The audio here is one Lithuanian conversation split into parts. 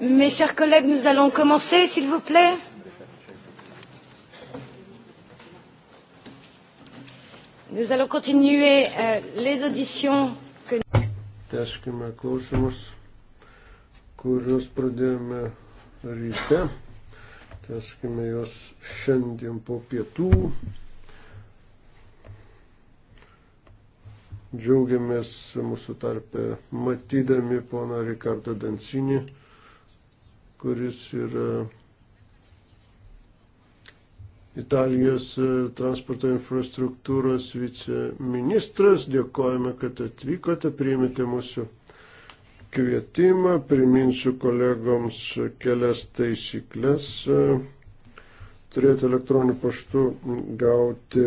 Mes chers collègues, nous allons commencer, s'il vous plaît. Nous allons continuer euh, les auditions que Tęskime klausimus, kuriuos pradėjome ryte. Tęskime juos šiandien po pietų. Džiaugiamės mūsų tarpe matydami poną Rikardą Dansinį kuris yra Italijos e, transporto infrastruktūros viceministras. Dėkojame, kad atvykote, priimėte mūsų kvietimą. Priminsiu kolegoms kelias taisyklės. E, turėti elektroniniu paštu gauti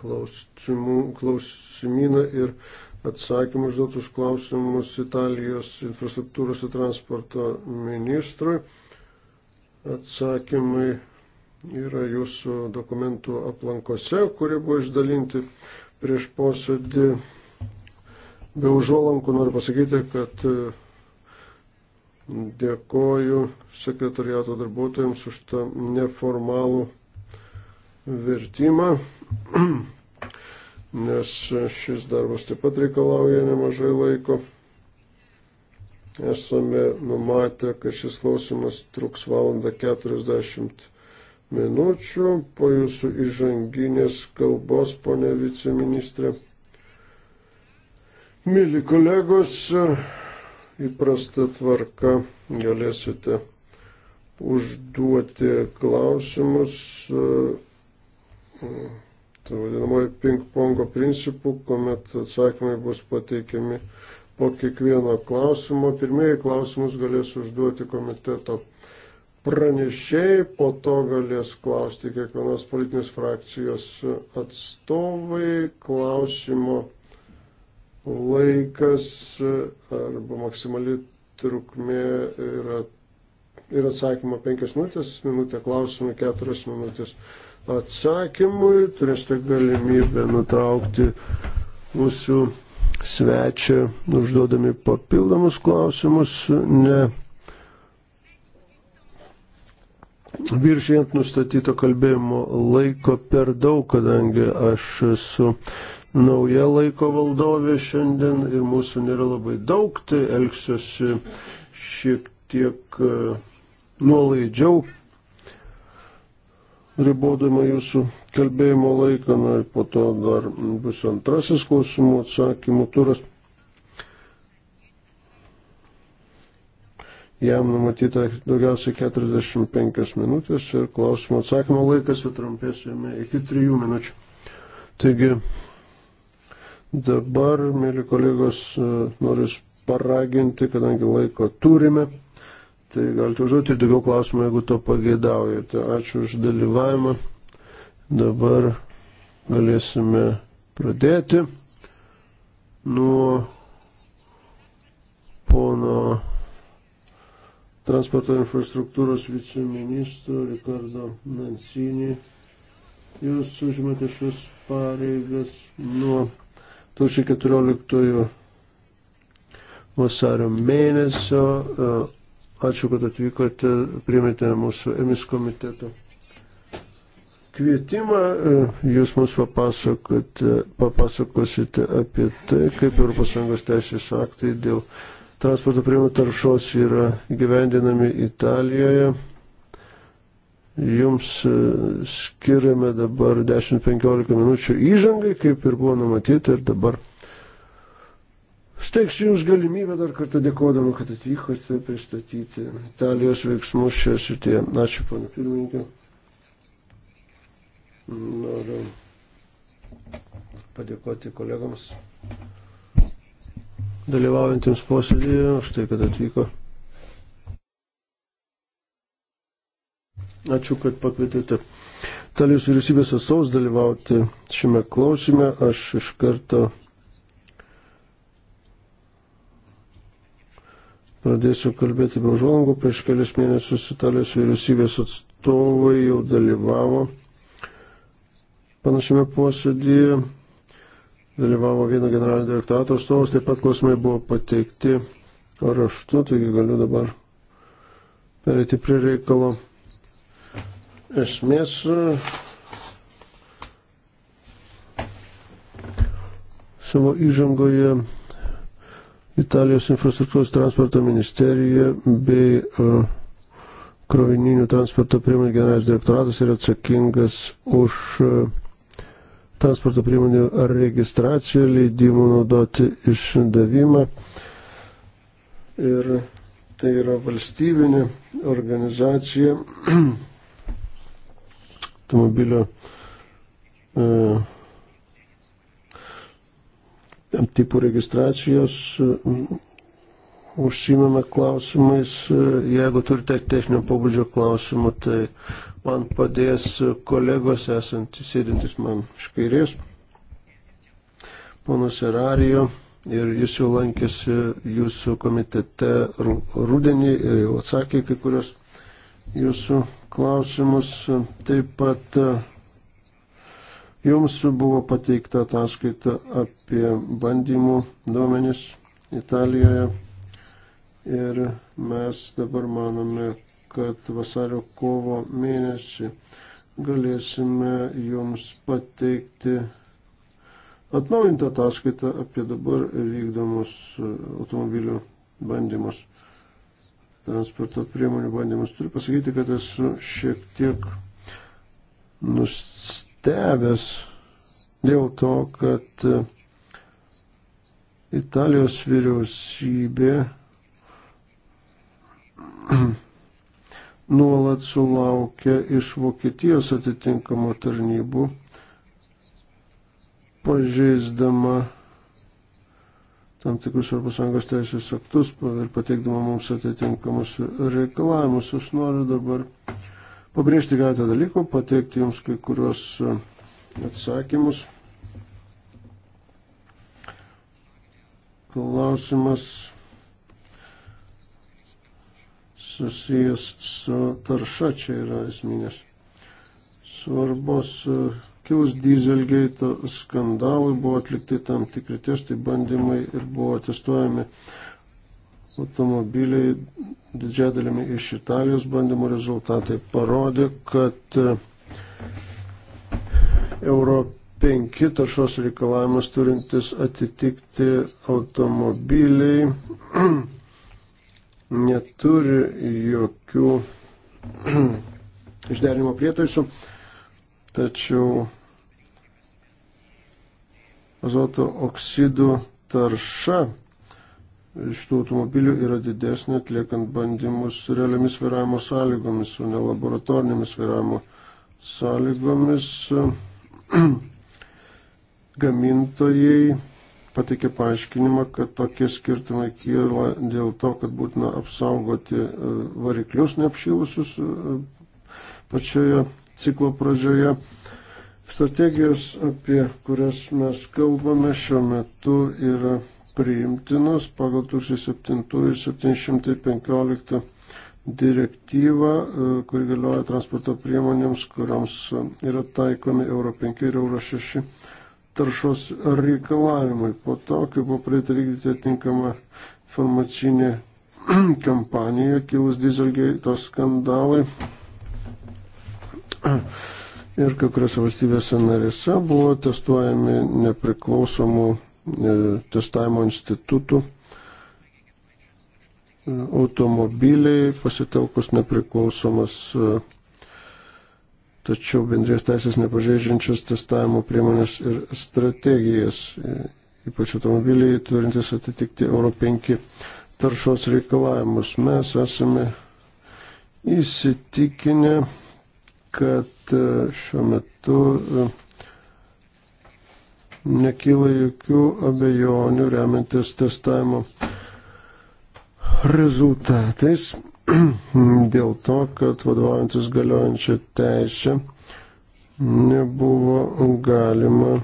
klausimų, klausimyną ir atsakymų užduotus klausimus Italijos infrastruktūros ir transporto ministrui. Atsakymai yra jūsų dokumentų aplankose, kurie buvo išdalinti prieš posėdį. Be užuolankų noriu pasakyti, kad e, dėkoju sekretariato darbuotojams už tą neformalų vertimą. nes šis darbas taip pat reikalauja nemažai laiko. Esame numatę, kad šis klausimas truks valandą 40 minučių po jūsų įžanginės kalbos, ponė viceministrė. Mili kolegos, įprasta tvarka galėsite užduoti klausimus. Uh, tai vadinamoji ping-pongo principų, kuomet atsakymai bus pateikiami po kiekvieno klausimo. Pirmieji klausimus galės užduoti komiteto pranešėjai, po to galės klausti kiekvienos politinės frakcijos atstovai. Klausimo laikas arba maksimali trukmė yra ir atsakymo 5 minutės, minutė klausimų 4 minutės atsakymui. Turėsite galimybę nutraukti mūsų svečią, užduodami papildomus klausimus, ne viršijant nustatyto kalbėjimo laiko per daug, kadangi aš esu nauja laiko valdovė šiandien ir mūsų nėra labai daug, tai elgsiuosi šiek tiek e, nuolaidžiau ribodama jūsų kalbėjimo laiką, na ir po to dar bus antrasis klausimų atsakymų turas. Jam numatyta daugiausiai 45 minutės ir klausimo atsakymo laikas sutrumpės jame iki 3 minučių. Taigi dabar, mėly kolegos, noriu paraginti, kadangi laiko turime. Tai galite užduoti daugiau klausimų, jeigu to pageidaujate. Ačiū už dalyvavimą. Dabar galėsime pradėti nuo pono transporto infrastruktūros viceministro Rikardo Nansinį. Jūs užimate šios pareigas nuo 2014 vasario mėnesio. Ačiū, kad atvykote, primėte mūsų emis komiteto kvietimą. E, jūs mums e, papasakosite apie tai, kaip ES teisės aktai dėl transporto priemonių taršos yra gyvendinami Italijoje. Jums e, skiriame dabar 10-15 minučių įžangai, kaip ir buvo numatyta ir dabar Steigsiu Jums galimybę dar kartą dėkodama, kad atvykote pristatyti Italijos veiksmus šioje srityje. Ačiū, pana pirmininkė. Noriu padėkoti kolegams dalyvaujantiems posėdėje už tai, kad atvyko. Ačiū, kad pakvietėte Italijos vyriausybės atstovus dalyvauti šiame klausime. Aš iš karto Pradėsiu kalbėti be žvalgų. Prieš kelias mėnesius Italijos vyriausybės atstovai jau dalyvavo panašiame posėdyje. Dalyvavo vieno generalinio direktorato atstovas, taip pat klausimai buvo pateikti raštu, taigi galiu dabar perėti prie reikalo esmės. Savo įžangoje Italijos infrastruktūros transporto ministerija bei e, krovininių transporto priemonių generalinis direktoratas yra atsakingas už e, transporto priemonių registraciją, leidimų naudoti išdavimą. Ir tai yra valstybinė organizacija automobilio e, tipų registracijos mm, užsimame klausimais. Jeigu turite techninio pobūdžio klausimų, tai man padės kolegos esantys sėdintis man iš kairės. Ponas Erarijo ir jis jau lankėsi jūsų komitete rudenį ir jau atsakė kai kurios jūsų klausimus. Taip pat Jums buvo pateikta ataskaita apie bandymų duomenis Italijoje ir mes dabar manome, kad vasario kovo mėnesį galėsime jums pateikti atnaujintą ataskaitą apie dabar vykdomus automobilių bandymus, transporto priemonių bandymus. Turiu pasakyti, kad esu šiek tiek nustebęs nustebęs dėl to, kad e, Italijos vyriausybė nuolat sulaukia iš Vokietijos atitinkamo tarnybų, pažeisdama tam tikrus Europos Sąjungos teisės aktus ir pateikdama mums atitinkamus reikalavimus. Aš noriu dabar Pabrėžti galite dalykų, pateikti jums kai kurios e, atsakymus. Klausimas susijęs su tarša čia yra esminės. Svarbos e, kilus dizelgeito skandalui buvo atlikti tam tikri testai, bandymai ir buvo testuojami automobiliai didžiąją dalimi iš Italijos bandymų rezultatai parodė, kad e, Euro 5 taršos reikalavimas turintis atitikti automobiliai neturi jokių išderinimo prietaisų, tačiau azoto oksidų tarša šitų automobilių yra didesnė atliekant bandymus realiamis vairavimo sąlygomis, o ne laboratorinėmis vairavimo sąlygomis. Gamintojai pateikė paaiškinimą, kad tokie skirtumai kyla dėl to, kad būtina apsaugoti e, variklius neapšilusius e, pačioje ciklo pradžioje. Strategijos, apie kurias mes kalbame šiuo metu, yra priimtinos pagal 1007 ir 715 direktyvą, e, kuri galioja transporto priemonėms, kuriams e, yra taikomi Euro 5 ir Euro 6 taršos reikalavimai. Po to, kai buvo pradėta vykdyti atinkama informacinė kampanija, kilus dizelgeito skandalai. Ir kai kuriuose valstybėse narėse buvo testuojami nepriklausomų E, testavimo institutų e, automobiliai pasitelkus nepriklausomas, e, tačiau bendrės teisės nepažeidžiančias testavimo priemonės ir strategijas, ypač automobiliai turintys atitikti Euro 5 taršos reikalavimus. Mes esame įsitikinę, kad šiuo metu nekyla jokių abejonių remiantis testavimo rezultatais dėl to, kad vadovaujantis galiojančią teisę nebuvo galima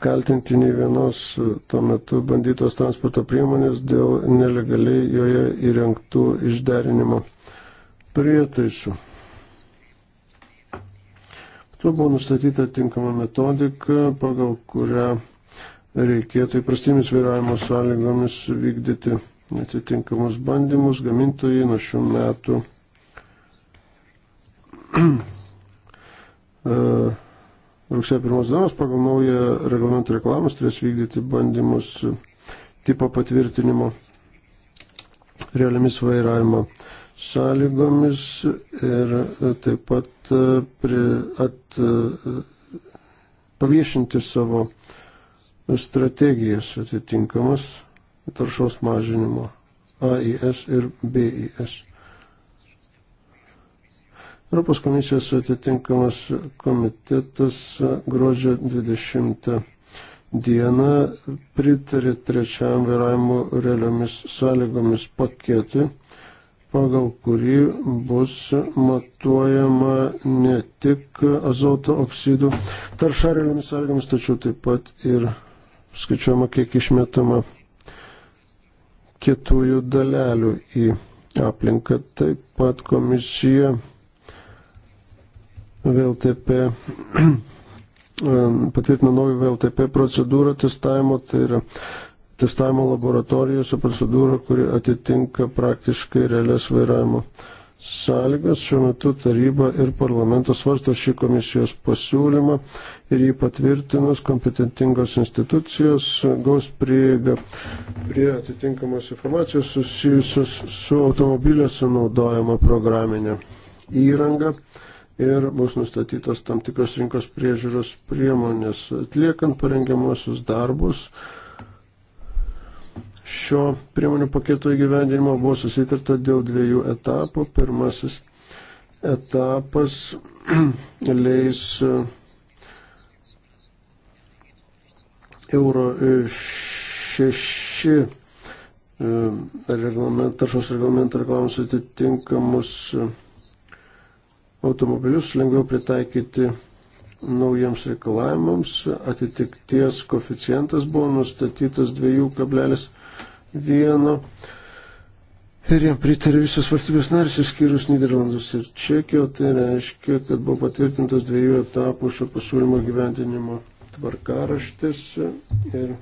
kaltinti nei vienos tuo metu bandytos transporto priemonės dėl nelegaliai joje įrengtų išderinimo prietaisų. Tuo buvo nustatyta tinkama metodika, pagal kurią reikėtų įprastinėmis vairavimo sąlygomis vykdyti atitinkamus bandymus. Gamintojai nuo šių metų e, rugsėjo pirmos dienos pagal naują reglamentą reklamas turės vykdyti bandymus tipo patvirtinimo realiamis vairavimo sąlygomis ir taip pat e, pri, at, e, paviešinti savo strategijas atitinkamas taršos mažinimo AIS ir BIS. Europos komisijos atitinkamas komitetas gruodžio 20 dieną pritarė trečiam vairavimo realiomis sąlygomis paketui pagal kurį bus matuojama ne tik azoto oksidų tarša realiomis sąlygomis, tačiau taip pat ir skaičiuojama, kiek išmetama kietųjų dalelių į aplinką. Taip pat komisija VLTP patvirtino naują VLTP procedūrą testavimo, tai yra testavimo laboratorijose procedūrą, kuri atitinka praktiškai realias vairavimo sąlygas. Šiuo metu taryba ir parlamentas svarsto šį komisijos pasiūlymą ir jį patvirtinus kompetentingos institucijos gaus prieigą prie atitinkamos informacijos susijusios su automobiliuose naudojama programinė įranga ir bus nustatytos tam tikros rinkos priežiūros priemonės. Atliekant parengiamuosius darbus, šio priemonių paketo įgyvendinimo buvo susitarta dėl dviejų etapų. Pirmasis etapas leis e, euro 6 e, e, reglamentą, taršos reglamentą reklamus atitinkamus automobilius lengviau pritaikyti naujiems reikalavimams. Atitikties koficijantas buvo nustatytas 2,5 vieno. Ir jam pritarė visos valstybės narės, išskyrus Niderlandus ir Čekiją, tai reiškia, kad buvo patvirtintas dviejų etapų šio pasiūlymo gyvendinimo tvarkaraštis ir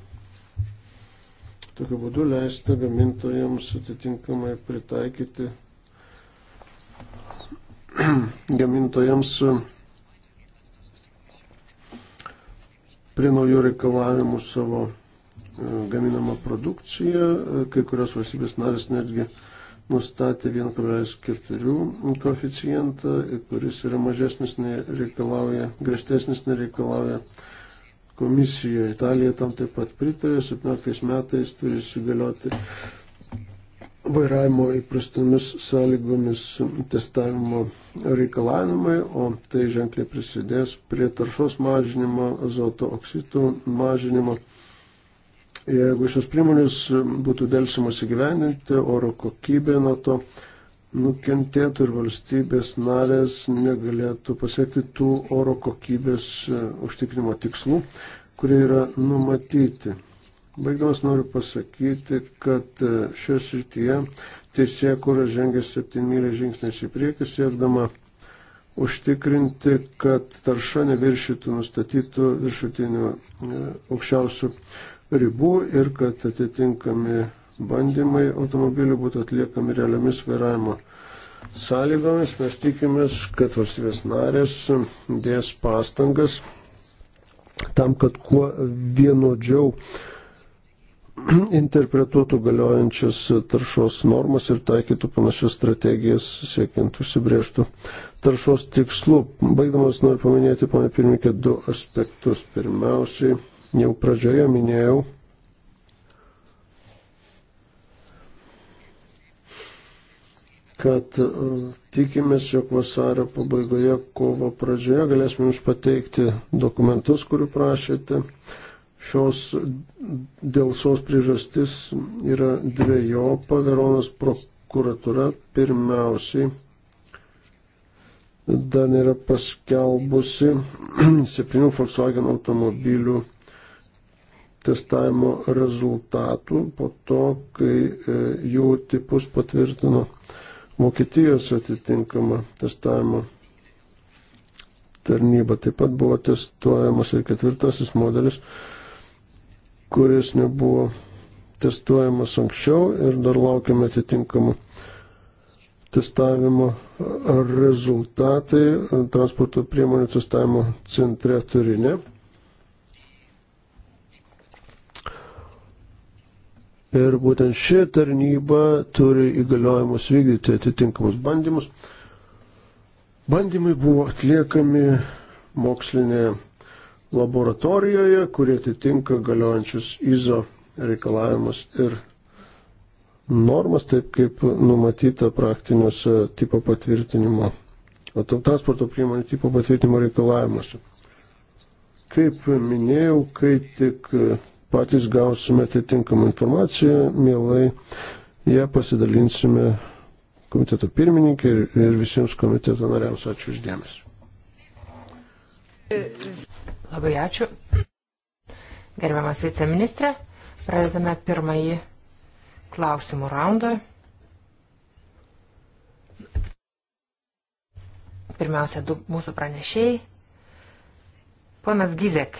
tokiu būdu leista gamintojams atitinkamai pritaikyti gamintojams prie naujų reikalavimų savo gaminama produkcija, kai kurios valstybės narės netgi nustatė 1,4 koeficientą, kuris yra mažesnis, nereikalauja, griežtesnis, nereikalauja komisija. Italija tam taip pat pritarė, 17 metais turi įsigalioti vairavimo įprastomis sąlygomis testavimo reikalavimai, o tai ženkliai prisidės prie taršos mažinimo, azoto oksidų mažinimo Jeigu šios priemonės būtų dėlsimas įgyveninti, oro kokybė nuo to nukentėtų ir valstybės narės negalėtų pasiekti tų oro kokybės e, užtikrinimo tikslų, kurie yra numatyti. Baigdamas noriu pasakyti, kad e, šioje srityje teisė, kur žengia 7 mylė žingsnis į priekį, siekdama užtikrinti, kad tarša neviršytų nustatytų viršutinių e, aukščiausių ribų ir kad atitinkami bandymai automobilių būtų atliekami realiamis vairavimo sąlygomis. Mes tikimės, kad valstybės narės dės pastangas tam, kad kuo vienodžiau interpretuotų galiojančias taršos normas ir taikytų panašias strategijas siekiant užsibrėžtų taršos tikslų. Baigdamas noriu paminėti, pane pirmininkė, du aspektus. Pirmiausiai, jau pradžioje minėjau, kad e, tikimės, jog vasario pabaigoje, kovo pradžioje galėsime jums pateikti dokumentus, kurių prašėte. Šios dėl sos priežastis yra dviejopa. Veronos prokuratura pirmiausiai dar nėra paskelbusi septynių Volkswagen automobilių testavimo rezultatų po to, kai e, jų tipus patvirtino Vokietijos atitinkama testavimo tarnyba. Taip pat buvo testuojamas ir ketvirtasis modelis, kuris nebuvo testuojamas anksčiau ir dar laukiame atitinkamų testavimo rezultatai transporto priemonių testavimo centre turinė. Ir būtent ši tarnyba turi įgaliojimus vykdyti atitinkamus bandymus. Bandymai buvo atliekami mokslinėje laboratorijoje, kurie atitinka galiojančius IZO reikalavimus ir normas, taip kaip numatyta praktiniuose tipo patvirtinimo, transporto priemonių tipo patvirtinimo reikalavimuose. Kaip minėjau, kai tik patys gausime atitinkamą informaciją, mielai ją pasidalinsime komiteto pirmininkė ir, ir visiems komiteto nariams. Ačiū uždėmesi. Labai ačiū. Gerbiamas viceministrė, pradedame pirmąjį klausimų raundą. Pirmiausia, du mūsų pranešėjai. Ponas Gizek.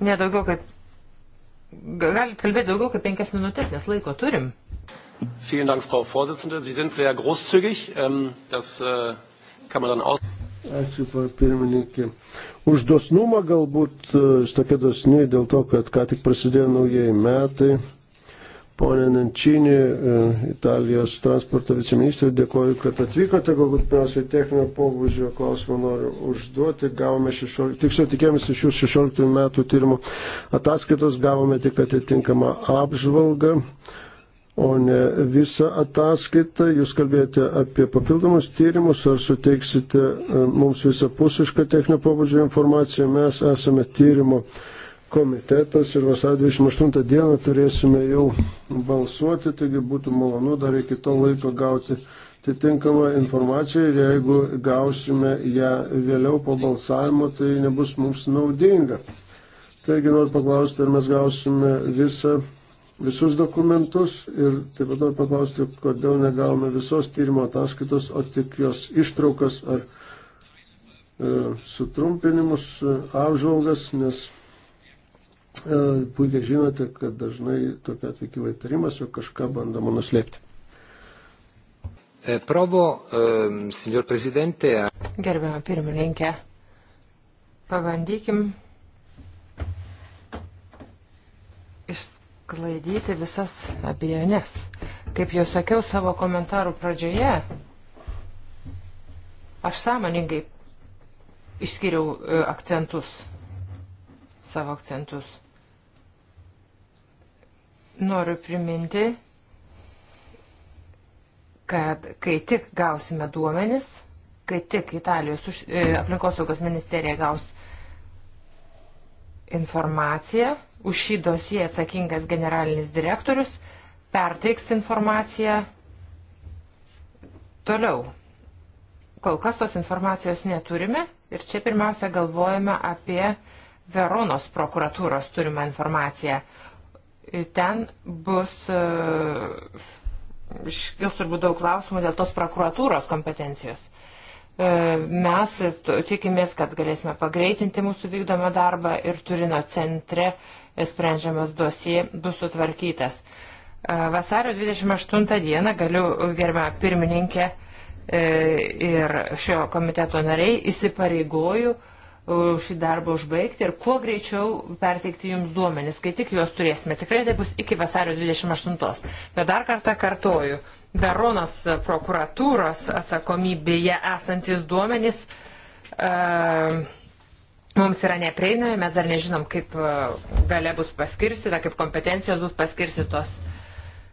Nedaugiau kaip. Galit kalbėti daugiau kaip penkias minutės, nes laiko turim. Vielen Dank, Frau Vorsitzende. Sie sind sehr großzügig. Ähm, das äh, kann man dann aus. Ačiū, pirmininkė. Už dosnumą galbūt, äh, tokia dosni dėl to, kad ką tik prasidėjo naujieji metai ponė Nančinį, e, Italijos transporto viceministrė, dėkoju, kad atvykote. Galbūt pirmiausiai techninio pobūdžio klausimą noriu užduoti. Gavome 16, tiksliau tikėjomės iš jūsų 16 metų tyrimo ataskaitos, gavome tik atitinkamą apžvalgą, o ne visą ataskaitą. Jūs kalbėjote apie papildomus tyrimus, ar suteiksite e, mums visapusišką techninio pobūdžio informaciją. Mes esame tyrimo komitetas ir vasario 28 dieną turėsime jau balsuoti, taigi būtų malonu dar iki to laiko gauti atitinkamą informaciją ir jeigu gausime ją vėliau po balsavimo, tai nebus mums naudinga. Taigi noriu paklausti, ar mes gausime visą, visus dokumentus ir taip pat noriu paklausti, kodėl negavome visos tyrimo ataskaitos, o tik jos ištraukas ar e, sutrumpinimus, e, apžvalgas, nes E, puikiai žinote, kad dažnai tokia atvykyla įtarimas, jog kažką bandoma nuslėpti. E, provo, e, signor prezidente. Gerbiamą pirmininkę, pabandykim išsklaidyti visas abejonės. Kaip jau sakiau savo komentarų pradžioje, aš sąmoningai išskiriau akcentus, savo akcentus. Noriu priminti, kad kai tik gausime duomenis, kai tik Italijos už, e, aplinkosaugos ministerija gaus informaciją, už šį dosiją atsakingas generalinis direktorius perteiks informaciją toliau. Kol kas tos informacijos neturime ir čia pirmiausia galvojame apie Veronos prokuratūros turimą informaciją, ten bus, e, iškils turbūt daug klausimų dėl tos prokuratūros kompetencijos. E, mes tikimės, kad galėsime pagreitinti mūsų vykdomą darbą ir Turino centre sprendžiamas dosie bus sutvarkytas. E, vasario 28 dieną galiu, gerbę pirmininkę ir šio komiteto nariai, įsipareigoju, šį darbą užbaigti ir kuo greičiau perteikti jums duomenis, kai tik juos turėsime. Tikrai tai bus iki vasario 28. Bet dar kartą kartoju, Veronos prokuratūros atsakomybėje esantis duomenis uh, ehm, mums yra neprieinami, mes dar nežinom, kaip e, galia bus paskirstyta, kaip kompetencijos bus paskirstytos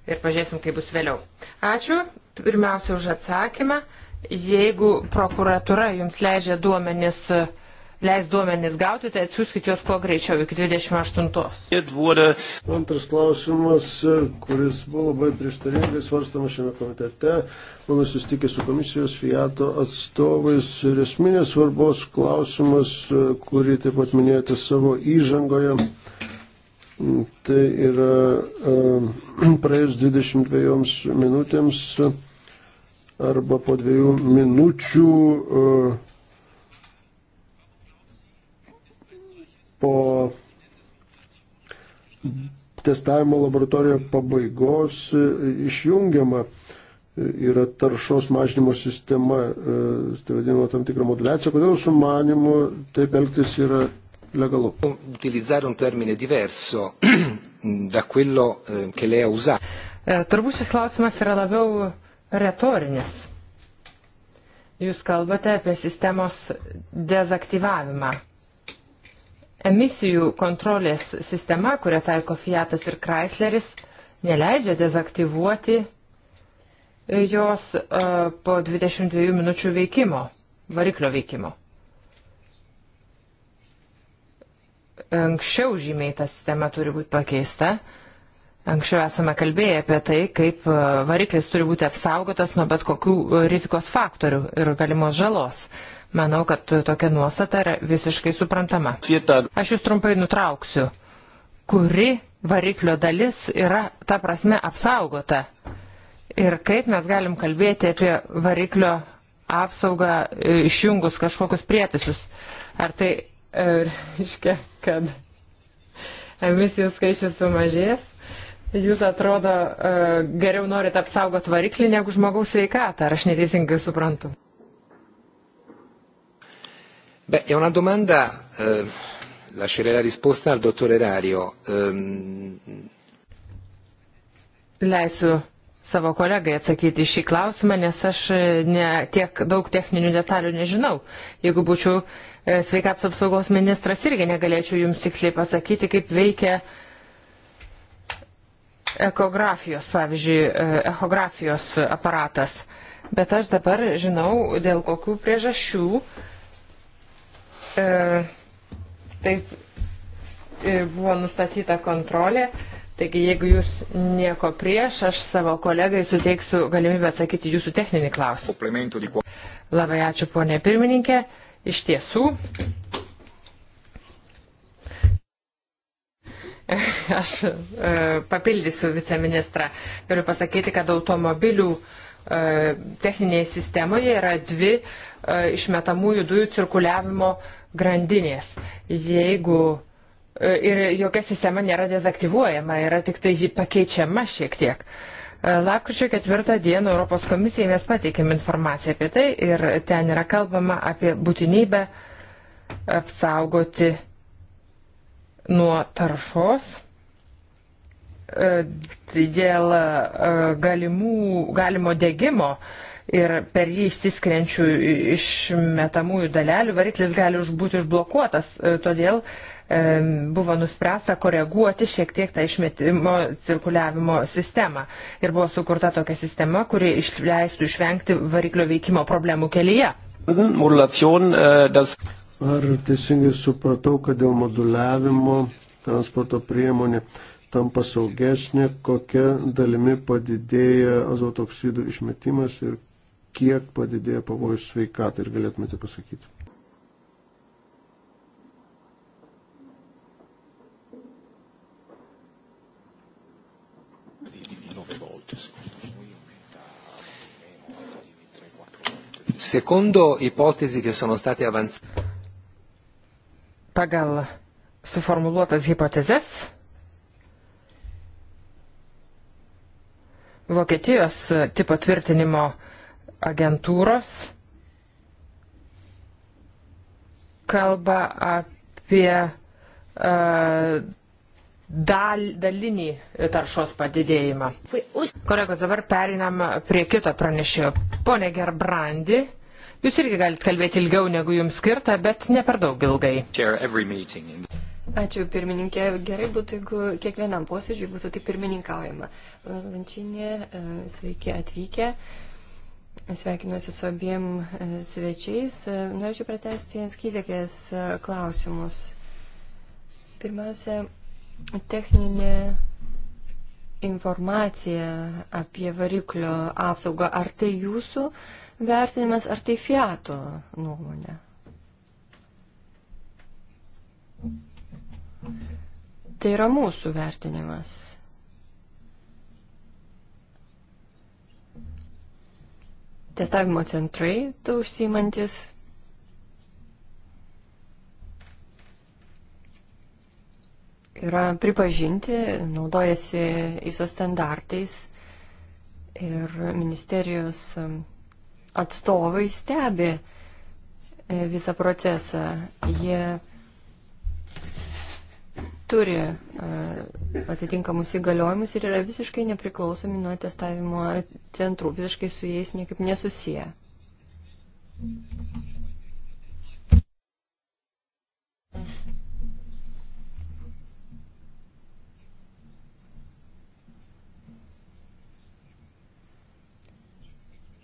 ir pažiūrėsim, kaip bus vėliau. Ačiū pirmiausia už atsakymą. Jeigu prokuratūra jums leidžia duomenis uh, leis duomenys gauti, tai atsiųskit juos kuo greičiau iki 28. Antras klausimas, kuris buvo labai prieštaringai svarstamas šiame komitete, mano susitikė su komisijos Fiato atstovais ir esminės svarbos klausimas, kurį taip pat minėjote savo įžangoje. Tai yra praėjus 22 minutėms arba po dviejų minučių po testavimo laboratorijoje pabaigos e, išjungiama e, yra taršos mažinimo sistema, e, tai vadinama tam tikra modulacija. Kodėl su manimu taip elgtis yra legalu? Utilizzare un termine diverso da quello eh, che lei ha usato. Turbūt šis klausimas yra labiau retorinis. Jūs kalbate apie sistemos dezaktyvavimą. Emisijų kontrolės sistema, kurią taiko Fiatas ir Chrysleris, neleidžia dezaktyvuoti jos e, po 22 minučių veikimo, variklio veikimo. Anksčiau žymiai ta sistema turi būti pakeista. Anksčiau esame kalbėję apie tai, kaip e, variklis turi būti apsaugotas nuo bet kokių e, rizikos faktorių ir galimos žalos. Uh, Manau, kad tokia nuostata yra visiškai suprantama. Aš jūs trumpai nutrauksiu. Kuri variklio dalis yra, ta prasme, apsaugota? Ir kaip mes galim kalbėti apie variklio apsaugą e, išjungus kažkokius prietaisus? Ar tai e, reiškia, kad emisijų skaičius sumažės? Jūs atrodo e, geriau norit apsaugoti variklį negu žmogaus sveikatą, ar aš neteisingai suprantu? Beh, è una domanda, eh, lascerei la risposta al dottore Rario. Um... Ehm, Leisiu savo kolegai atsakyti šį klausimą, nes aš e, ne tiek daug techninių detalių nežinau. Jeigu būčiau e, sveikatos apsaugos ministras, irgi negalėčiau jums tiksliai pasakyti, kaip veikia ekografijos, pavyzdžiui, e, echografijos aparatas. Bet aš dabar žinau, dėl kokių priežasčių uh, e, taip e, buvo nustatyta kontrolė. Taigi, jeigu jūs nieko prieš, aš savo kolegai suteiksiu galimybę atsakyti jūsų techninį klausimą. Labai ačiū, ponė pirmininkė. Iš tiesų, Aš e, papildysiu viceministrą. Galiu pasakyti, kad automobilių e, techninėje sistemoje yra dvi e, išmetamųjų dujų cirkuliavimo grandinės. Jeigu e, ir jokia sistema nėra dezaktyvuojama, yra tik tai ji pakeičiama šiek tiek. E, lapkričio ketvirtą dieną Europos komisijai mes pateikėm informaciją apie tai ir ten yra kalbama apie būtinybę apsaugoti uh, nuo taršos e, dėl e, galimų, galimo degimo ir per jį išsiskrenčių išmetamųjų dalelių variklis gali būti užblokuotas. E, todėl buvo nuspręsta koreguoti šiek tiek tą išmetimo cirkuliavimo sistemą. Ir buvo sukurta tokia sistema, kuri leistų išvengti variklio veikimo problemų kelyje. Modulacion, das... Ar teisingai supratau, kad dėl moduliavimo transporto priemonė tampa saugesnė, kokia dalimi padidėja azotoksidų išmetimas ir kiek padidėja pavojus sveikatai ir galėtumėte pasakyti. Secondo ipotesi che sono state avanzate pagal suformuluotas hipotezes Vokietijos tipo tvirtinimo agentūros kalba apie uh, dal, dalinį taršos padidėjimą. Kolegos, dabar perinam prie kito pranešėjo. Pone Gerbrandi, uh, Jūs irgi galite kalbėti ilgiau, negu jums skirta, bet ne per daug ilgai. Ačiū pirmininkė. Gerai būtų, jeigu kiekvienam posėdžiui būtų tai pirmininkaujama. Panas Vančinė, e, sveiki atvykę. Sveikinuosi su abiem e, svečiais. E, norėčiau pratesti Janskizėkės klausimus. Pirmiausia, techninė informacija apie variklio apsaugą. Ar tai jūsų uh, vertinimas, ar tai fiato nuomonė. Tai yra mūsų vertinimas. testavimo centrai, tu užsimantis. Yra pripažinti, naudojasi ISO standartais ir ministerijos um, atstovai stebi e, visą procesą. Jie turi e, atitinkamus įgaliojimus ir yra visiškai nepriklausomi nuo testavimo centrų, visiškai su jais niekaip nesusiję.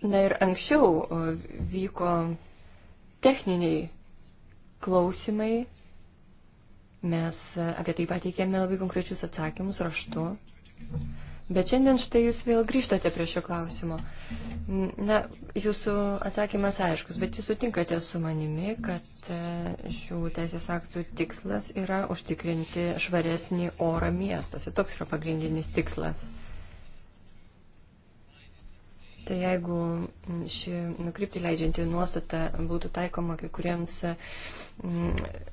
Na ir anksčiau vyko techniniai klausimai. Mes e, apie tai pateikėme labai konkrečius atsakymus raštu. Bet šiandien štai jūs vėl grįžtate prie šio klausimo. Na, jūsų atsakymas aiškus, bet jūs sutinkate su manimi, kad e, šių teisės aktų tikslas yra užtikrinti švaresnį orą miestuose. Toks yra pagrindinis tikslas. Tai jeigu ši nukrypti leidžianti nuostata būtų taikoma kai kuriems mm,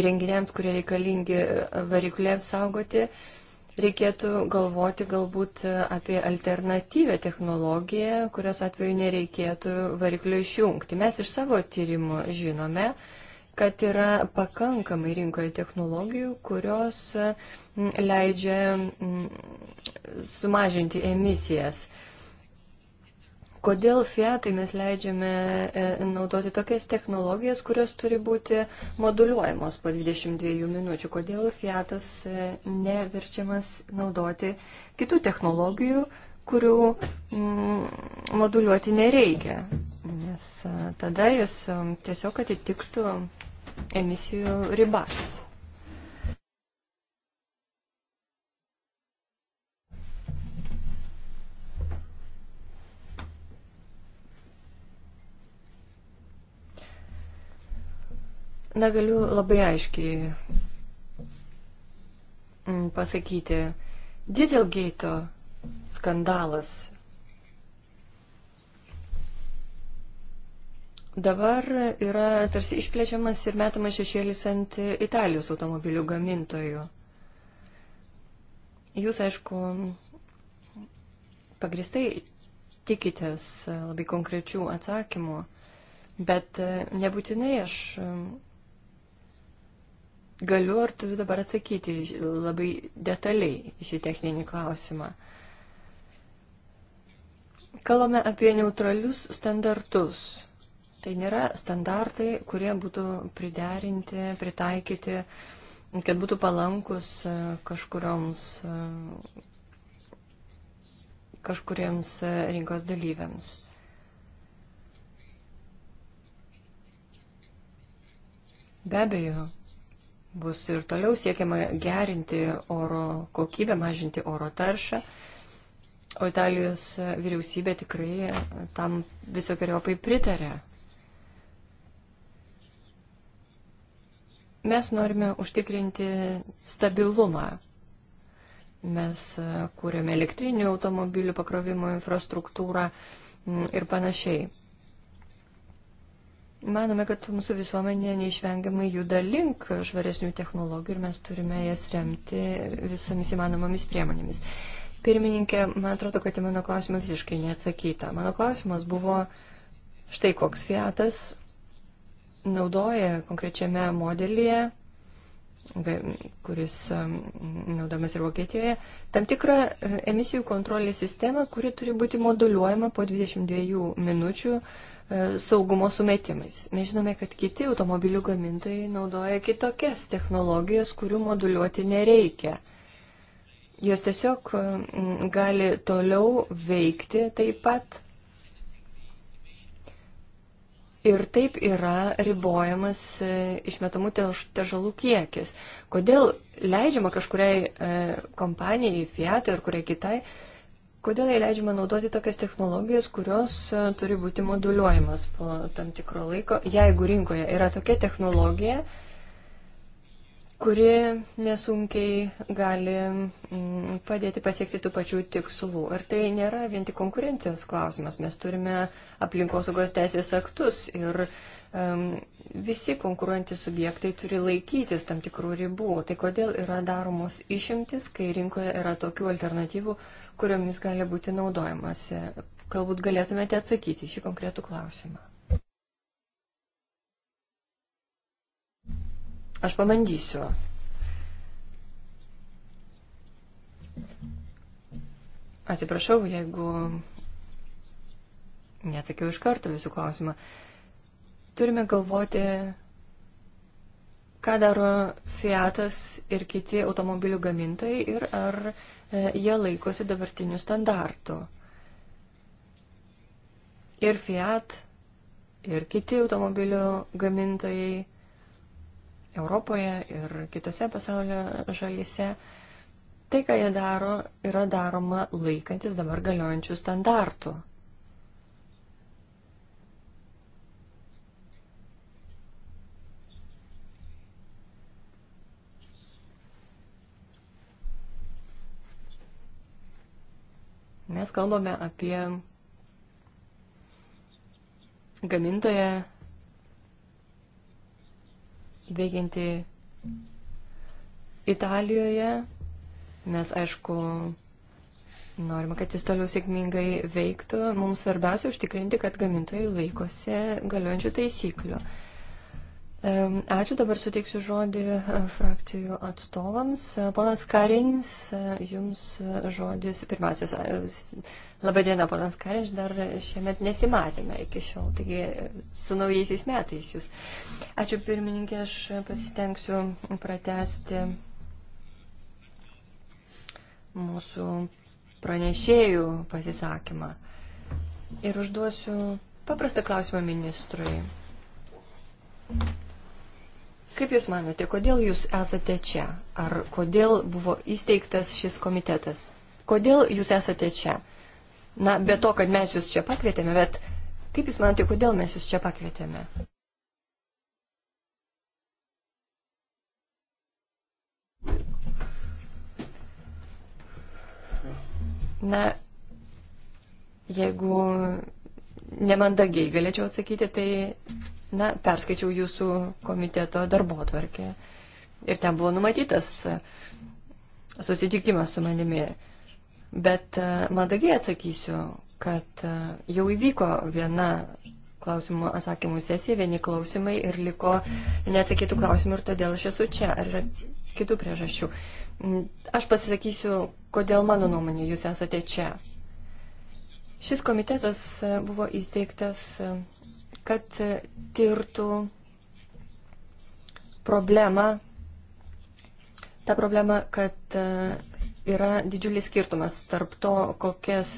įrenginiams, kurie reikalingi varikliams saugoti, reikėtų galvoti galbūt apie alternatyvę technologiją, kurios atveju nereikėtų variklio išjungti. Mes iš savo tyrimų žinome, kad yra pakankamai rinkoje technologijų, kurios mm, leidžia mm, sumažinti emisijas. Kodėl Fiatui mes leidžiame e, naudoti tokias technologijas, kurios turi būti moduliuojamos po 22 minučių? Kodėl Fiatas e, neverčiamas naudoti kitų technologijų, kurių mm, moduliuoti nereikia? Nes e, tada jis tiesiog atitiktų emisijų ribas. Na, galiu labai aiškiai mm, pasakyti. Dieselgate skandalas dabar yra tarsi išplečiamas ir metamas šešėlis ant Italijos automobilių gamintojų. Jūs, aišku, pagristai tikitės labai konkrečių atsakymų, bet nebūtinai aš galiu ar turiu dabar atsakyti labai detaliai šį techninį klausimą. Kalbame apie neutralius standartus. Tai nėra standartai, kurie būtų priderinti, pritaikyti, kad būtų palankus e, kažkurioms, e, kažkuriems e, rinkos dalyviams. Be abejo, bus ir toliau siekiama gerinti oro kokybę, mažinti oro taršą. O Italijos vyriausybė tikrai tam visokiojopai pritarė. Mes norime užtikrinti stabilumą. Mes kūrėme elektrinių automobilių pakrovimo infrastruktūrą mm, ir panašiai. Manome, kad mūsų visuomenė neišvengiamai juda link švaresnių technologijų ir mes turime jas remti visomis įmanomomis priemonėmis. Pirmininkė, man atrodo, kad į mano klausimą visiškai neatsakyta. Mano klausimas buvo štai koks Fiatas naudoja konkrečiame modelyje, kuris um, naudomas ir Vokietijoje, tam tikrą uh, emisijų kontrolės sistemą, kuri turi būti moduliuojama po 22 minučių E, saugumo sumetimais. Mes žinome, kad kiti automobilių gamintojai naudoja kitokias technologijas, kurių moduliuoti nereikia. Jos tiesiog mm, gali toliau veikti taip pat. Ir taip yra ribojamas e, išmetamų teršalų kiekis. Kodėl leidžiama kažkuriai e, kompanijai, Fiat ir kuriai kitai, Kodėl leidžiama naudoti tokias technologijas, kurios e, turi būti moduliuojamas po tam tikro laiko, jeigu rinkoje yra tokia technologija, kuri nesunkiai gali mm, padėti pasiekti tų pačių tikslų. Ir tai nėra vien tik konkurencijos klausimas. Mes turime aplinkosaugos teisės aktus ir um, visi konkuruojantys subjektai turi laikytis tam tikrų ribų. Tai kodėl yra daromos išimtis, kai rinkoje yra tokių alternatyvų, uh, kuriomis gali būti naudojamasi. Galbūt galėtumėte atsakyti šį konkretų klausimą. Aš pabandysiu. Atsiprašau, jeigu neatsakiau iš karto visų klausimą. Turime galvoti, ką daro Fiatas ir kiti automobilių gamintojai ir ar E, jie laikosi dabartinių standartų. Ir Fiat, ir kiti automobilių gamintojai Europoje ir kitose pasaulio šalyse, tai, ką jie daro, yra daroma laikantis dabar galiojančių standartų. Mes kalbame apie gamintoje veikianti Italijoje. Mes, aišku, norime, kad jis toliau sėkmingai veiktų. Mums svarbiausia užtikrinti, kad gamintojai laikosi galiojančių taisyklių. Ačiū, dabar suteiksiu žodį e, frakcijų atstovams. E, ponas Karins, e, jums žodis pirmasis. Labadiena, ponas Karins, dar šiemet nesimatėme iki šiol, taigi su naujaisiais metais jūs. Ačiū pirmininkė, aš pasistengsiu pratesti mūsų pranešėjų pasisakymą. Ir užduosiu paprastą klausimą ministrui. Thank you. Kaip Jūs manote, kodėl Jūs esate čia? Ar kodėl buvo įsteigtas šis komitetas? Kodėl Jūs esate čia? Na, be to, kad mes Jūs čia pakvietėme, bet kaip Jūs manote, kodėl mes Jūs čia pakvietėme? Na, jeigu nemandagiai galėčiau atsakyti, tai Na, perskaičiau jūsų komiteto darbo atvarkę. Ir ten buvo numatytas e, susitikimas su manimi. Bet e, madagiai atsakysiu, kad e, jau įvyko viena klausimų atsakymų sesija, vieni klausimai ir liko neatsakytų klausimų ir todėl aš esu čia. Ar yra kitų priežasčių? Mm, aš pasisakysiu, kodėl mano nuomonė jūs esate čia. Šis komitetas buvo įsteigtas kad tirtų problemą, tą problemą, kad e, yra didžiulis skirtumas tarp to, kokias,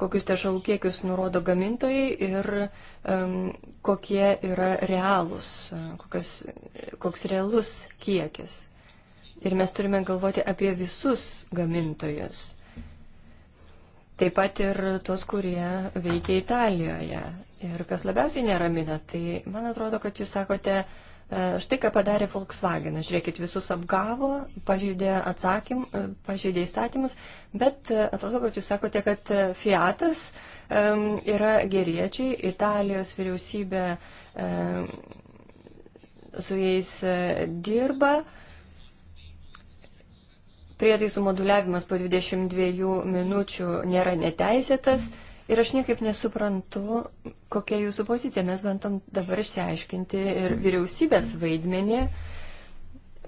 kokius teršalų kiekius nurodo gamintojai ir um, kokie yra realūs, e, kokios, koks realus kiekis. Ir mes turime galvoti apie visus gamintojus taip pat ir tuos, kurie veikia Italijoje. Ir kas labiausiai neramina, tai man atrodo, kad jūs sakote, e, štai ką padarė Volkswagen. Žiūrėkit, visus apgavo, pažeidė, atsakym, e, pažeidė įstatymus, bet e, atrodo, kad jūs sakote, kad Fiatas um, yra geriečiai, Italijos vyriausybė um, su jais dirba. Uh, prietaisų moduliavimas po 22 minučių nėra neteisėtas ir aš niekaip nesuprantu, kokia jūsų pozicija. Mes bandom dabar išsiaiškinti ir vyriausybės vaidmenį,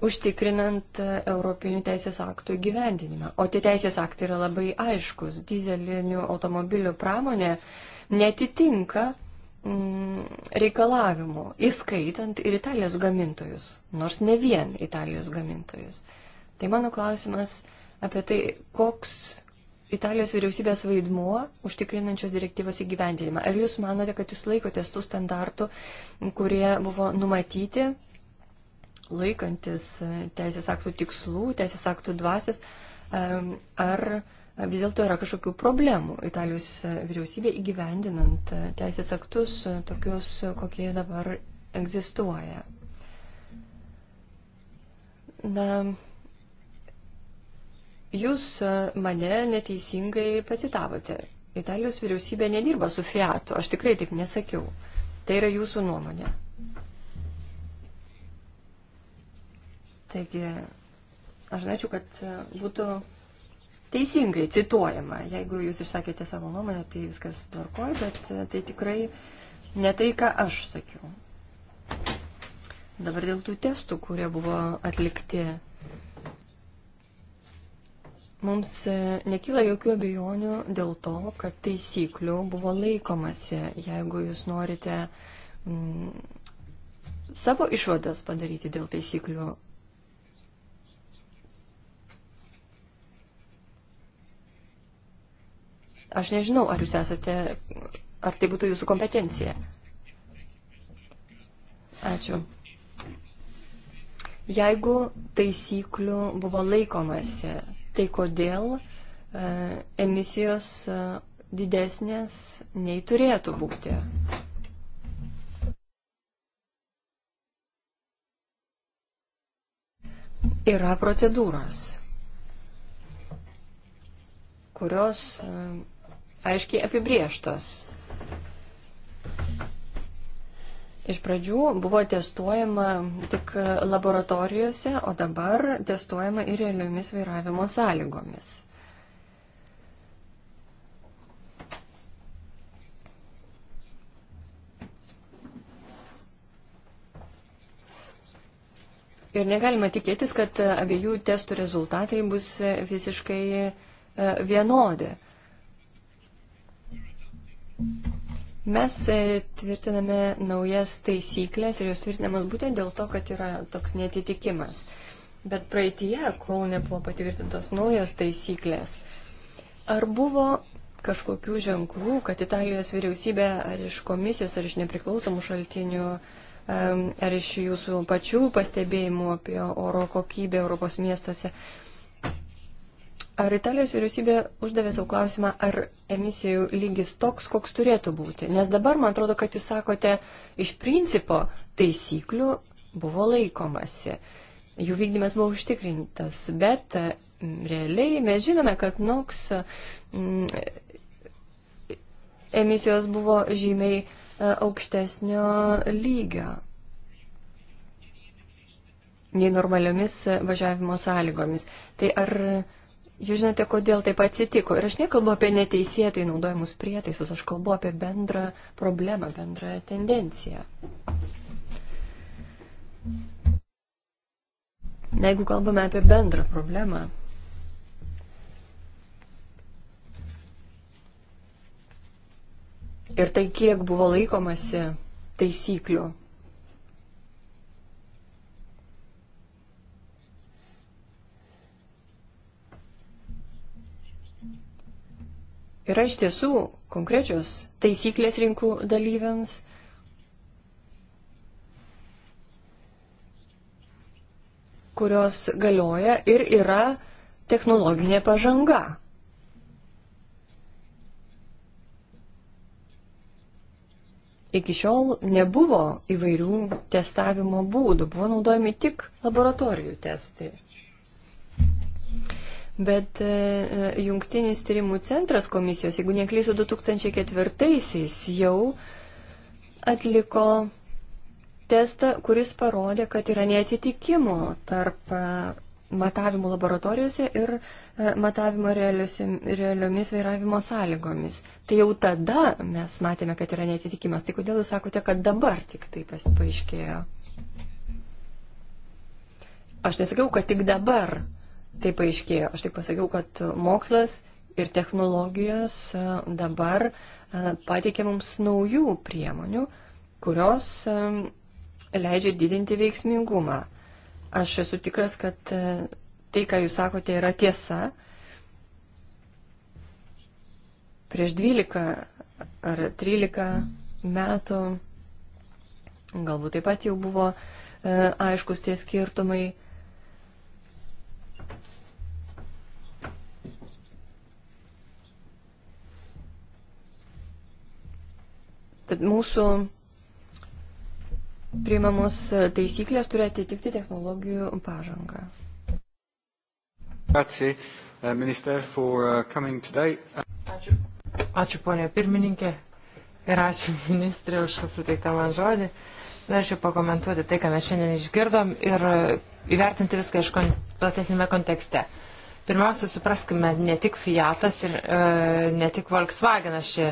užtikrinant Europinių teisės aktų įgyvendinimą. O tie teisės aktai yra labai aiškus. Dizelinių automobilių pramonė netitinka mm, reikalavimų, įskaitant ir Italijos gamintojus, nors ne vien Italijos gamintojus. Tai mano klausimas apie tai, koks Italijos vyriausybės vaidmuo užtikrinančios direktyvos įgyvendinimą. Ar jūs manote, kad jūs laikotės tų standartų, kurie buvo numatyti, laikantis e, teisės aktų tikslų, teisės aktų dvasios, ar vis dėlto yra kažkokių problemų Italijos e, vyriausybė įgyvendinant e, teisės aktus, tokius, kokie dabar egzistuoja? Na, Jūs e, mane neteisingai pacitavote. Italijos vyriausybė nedirba su Fiatu. Aš tikrai taip nesakiau. Tai yra jūsų nuomonė. Taigi, aš norėčiau, kad e, būtų teisingai cituojama. Jeigu jūs išsakėte savo nuomonę, tai viskas tvarkoja, bet e, tai tikrai ne tai, ką aš sakiau. Dabar dėl tų testų, kurie buvo atlikti Mums e, nekyla jokių abejonių dėl to, kad taisyklių buvo laikomasi. Jeigu jūs norite mm, savo išvadas padaryti dėl taisyklių, aš nežinau, ar jūs esate, ar tai būtų jūsų kompetencija. Ačiū. Jeigu taisyklių buvo laikomasi, tai kodėl e, emisijos e, didesnės nei turėtų būti. Yra procedūros, kurios e, aiškiai apibrieštos Iš pradžių buvo testuojama tik laboratorijose, o dabar testuojama ir realiomis vairavimo sąlygomis. Ir negalima tikėtis, kad abiejų testų rezultatai bus visiškai e, vienodi. Uh, Mes e, tvirtiname naujas taisyklės ir jos tvirtinamas būtent dėl to, kad yra toks netitikimas. Bet praeitie, kol nebuvo patvirtintos naujos taisyklės, ar buvo kažkokių ženklų, kad Italijos vyriausybė ar iš komisijos, ar iš nepriklausomų šaltinių, ar iš jūsų pačių pastebėjimų apie oro kokybę Europos miestuose, Ar Italijos vyriausybė uždavė savo klausimą, ar emisijų lygis toks, koks turėtų būti? Nes dabar, man atrodo, kad jūs sakote, iš principo taisyklių buvo laikomasi. Jų vykdymas buvo užtikrintas, bet realiai mes žinome, kad NOX emisijos buvo žymiai e, aukštesnio lygio nei normaliomis važiavimo sąlygomis. Tai ar Jūs žinote, kodėl taip atsitiko. Ir aš nekalbu apie neteisėtai naudojimus prietaisus, aš kalbu apie bendrą problemą, bendrą tendenciją. Na, jeigu kalbame apie bendrą problemą, ir tai kiek buvo laikomasi taisyklių Yra iš tiesų konkrečios taisyklės rinkų dalyviams. kurios galioja ir yra technologinė pažanga. Iki šiol nebuvo įvairių testavimo būdų, buvo naudojami tik laboratorijų testai. Bet e, e, jungtinis tyrimų centras komisijos, jeigu neklysiu, 2004-aisiais jau atliko testą, kuris parodė, kad yra neatitikimo tarp e, matavimų laboratorijose ir matavimo realiomis vairavimo sąlygomis. Tai jau tada mes matėme, kad yra netitikimas. Tai kodėl jūs sakote, kad dabar tik tai paaiškėjo? Aš nesakiau, kad tik dabar tai paaiškėjo. Aš tik pasakiau, kad mokslas ir technologijos e, dabar e, pateikia mums naujų priemonių, kurios e, leidžia didinti veiksmingumą. Aš esu tikras, kad tai, ką jūs sakote, yra tiesa. Prieš 12 ar 13 metų galbūt taip pat jau buvo aiškus tie skirtumai Tad mūsų priimamos taisyklės turi atitikti technologijų pažangą. Ačiū, uh, minister, for uh, coming today. Ačiū. Ačiū, ponė pirmininkė, ir ačiū ministrė už suteiktą man žodį. Norėčiau pakomentuoti tai, ką mes šiandien išgirdom ir uh, įvertinti viską iš kon platesnėme kontekste. Pirmiausia, supraskime, ne tik Fiatas ir e, ne tik Volkswagenas čia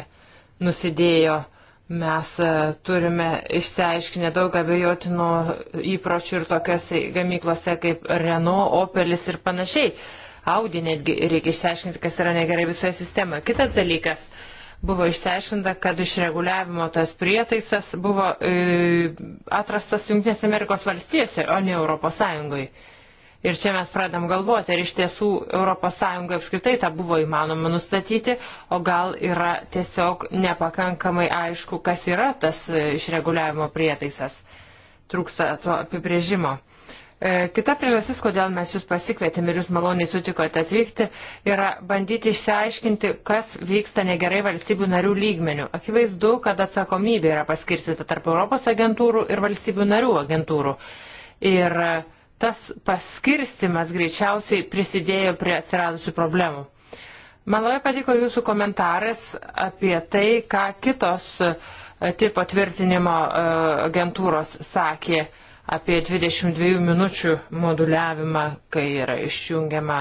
nusidėjo e, Mes e, turime išsiaiškinę daug abejotinų įpročių ir tokiose gamyklose kaip Renault, Opelis ir panašiai. Audi netgi reikia išsiaiškinti, kas yra negerai visoje sistemoje. Kitas dalykas buvo išsiaiškinta, kad iš reguliavimo tas prietaisas buvo e, atrastas Junktinės Amerikos valstijose, o ne Europos Sąjungoje. Ir čia mes pradam galvoti, ar iš tiesų ES apskritai tą buvo įmanoma nustatyti, o gal yra tiesiog nepakankamai aišku, kas yra tas e, išreguliavimo prietaisas. Trūksta to apibrėžimo. E, kita priežastis, kodėl mes jūs pasikvietėm ir jūs maloniai sutikote atvykti, yra bandyti išsiaiškinti, kas vyksta negerai valstybių narių lygmenių. Akivaizdu, kad atsakomybė yra paskirstyta tarp Europos agentūrų ir valstybių narių agentūrų. Ir uh, tas paskirstimas greičiausiai prisidėjo prie atsiradusių problemų. Man labai patiko jūsų komentaras apie tai, ką kitos e, tipo tvirtinimo e, agentūros sakė apie 22 minučių moduliavimą, kai yra išjungiama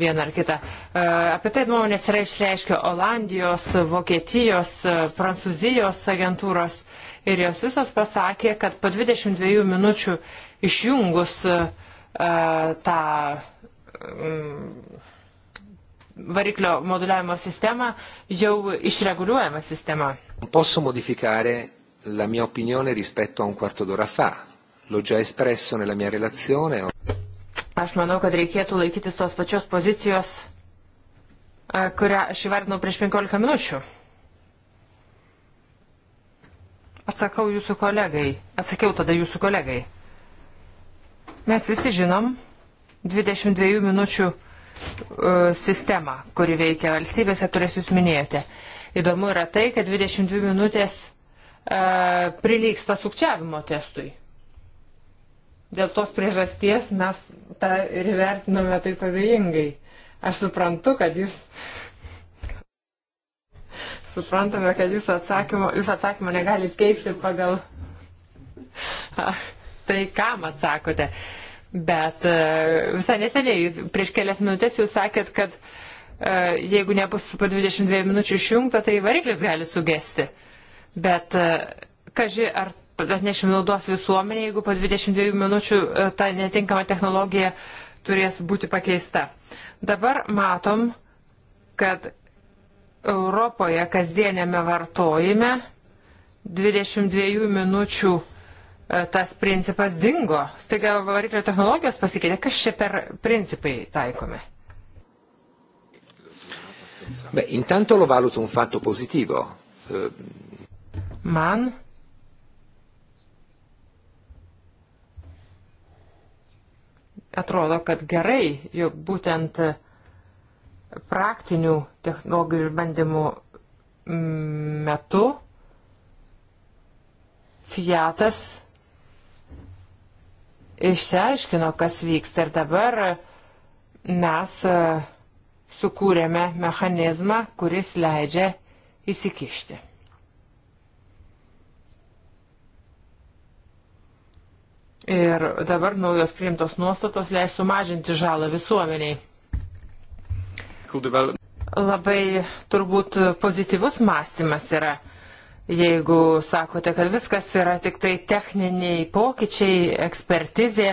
vieną ar kitą. E, apie tai nuomonės yra išreiškę Olandijos, Vokietijos, Prancūzijos agentūros ir jos visos pasakė, kad po 22 minučių išjungus uh, tą um, variklio moduliavimo sistemą, jau išreguliuojama sistema. Posso modificare la mia opinione rispetto a un quarto d'ora fa. L'ho già espresso nella mia relazione. Aš manau, kad reikėtų laikytis tos pačios pozicijos, e, kurią aš įvardinau prieš 15 minučių. Atsakau jūsų kolegai. Atsakiau tada jūsų kolegai. Mes visi žinom 22 minučių e, sistemą, kuri veikia valstybėse, kurias jūs minėjote. Įdomu yra tai, kad 22 minutės e, prilyksta sukčiavimo testui. Dėl tos priežasties mes tą ir vertiname taip abejingai. Aš suprantu, kad jūs. Suprantame, kad jūs atsakymo, jūs atsakymo negalite keisti pagal. tai kam atsakote. Bet e, visai neseniai, prieš kelias minutės jūs sakėt, kad e, jeigu nebus po 22 minučių išjungta, tai variklis gali sugesti. Bet, e, kaži, ar atnešim naudos visuomenė, jeigu po 22 minučių ta netinkama technologija turės būti pakeista. Dabar matom, kad Europoje kasdienėme vartojime 22 minučių E, tas principas dingo. Staiga variklio technologijos pasikeitė. Kas čia per principai taikomi? Beh, intanto lo valuto un fatto positivo. Eh, Man atrodo, kad gerai, jog būtent praktinių technologijų išbandymų mm, metu Fiatas išsiaiškino, kas vyksta ir dabar mes e, sukūrėme mechanizmą, kuris leidžia įsikišti. Ir dabar naujos priimtos nuostatos leis sumažinti žalą visuomeniai. Labai turbūt pozityvus mąstymas yra Jeigu sakote, kad viskas yra tik tai techniniai pokyčiai, ekspertizė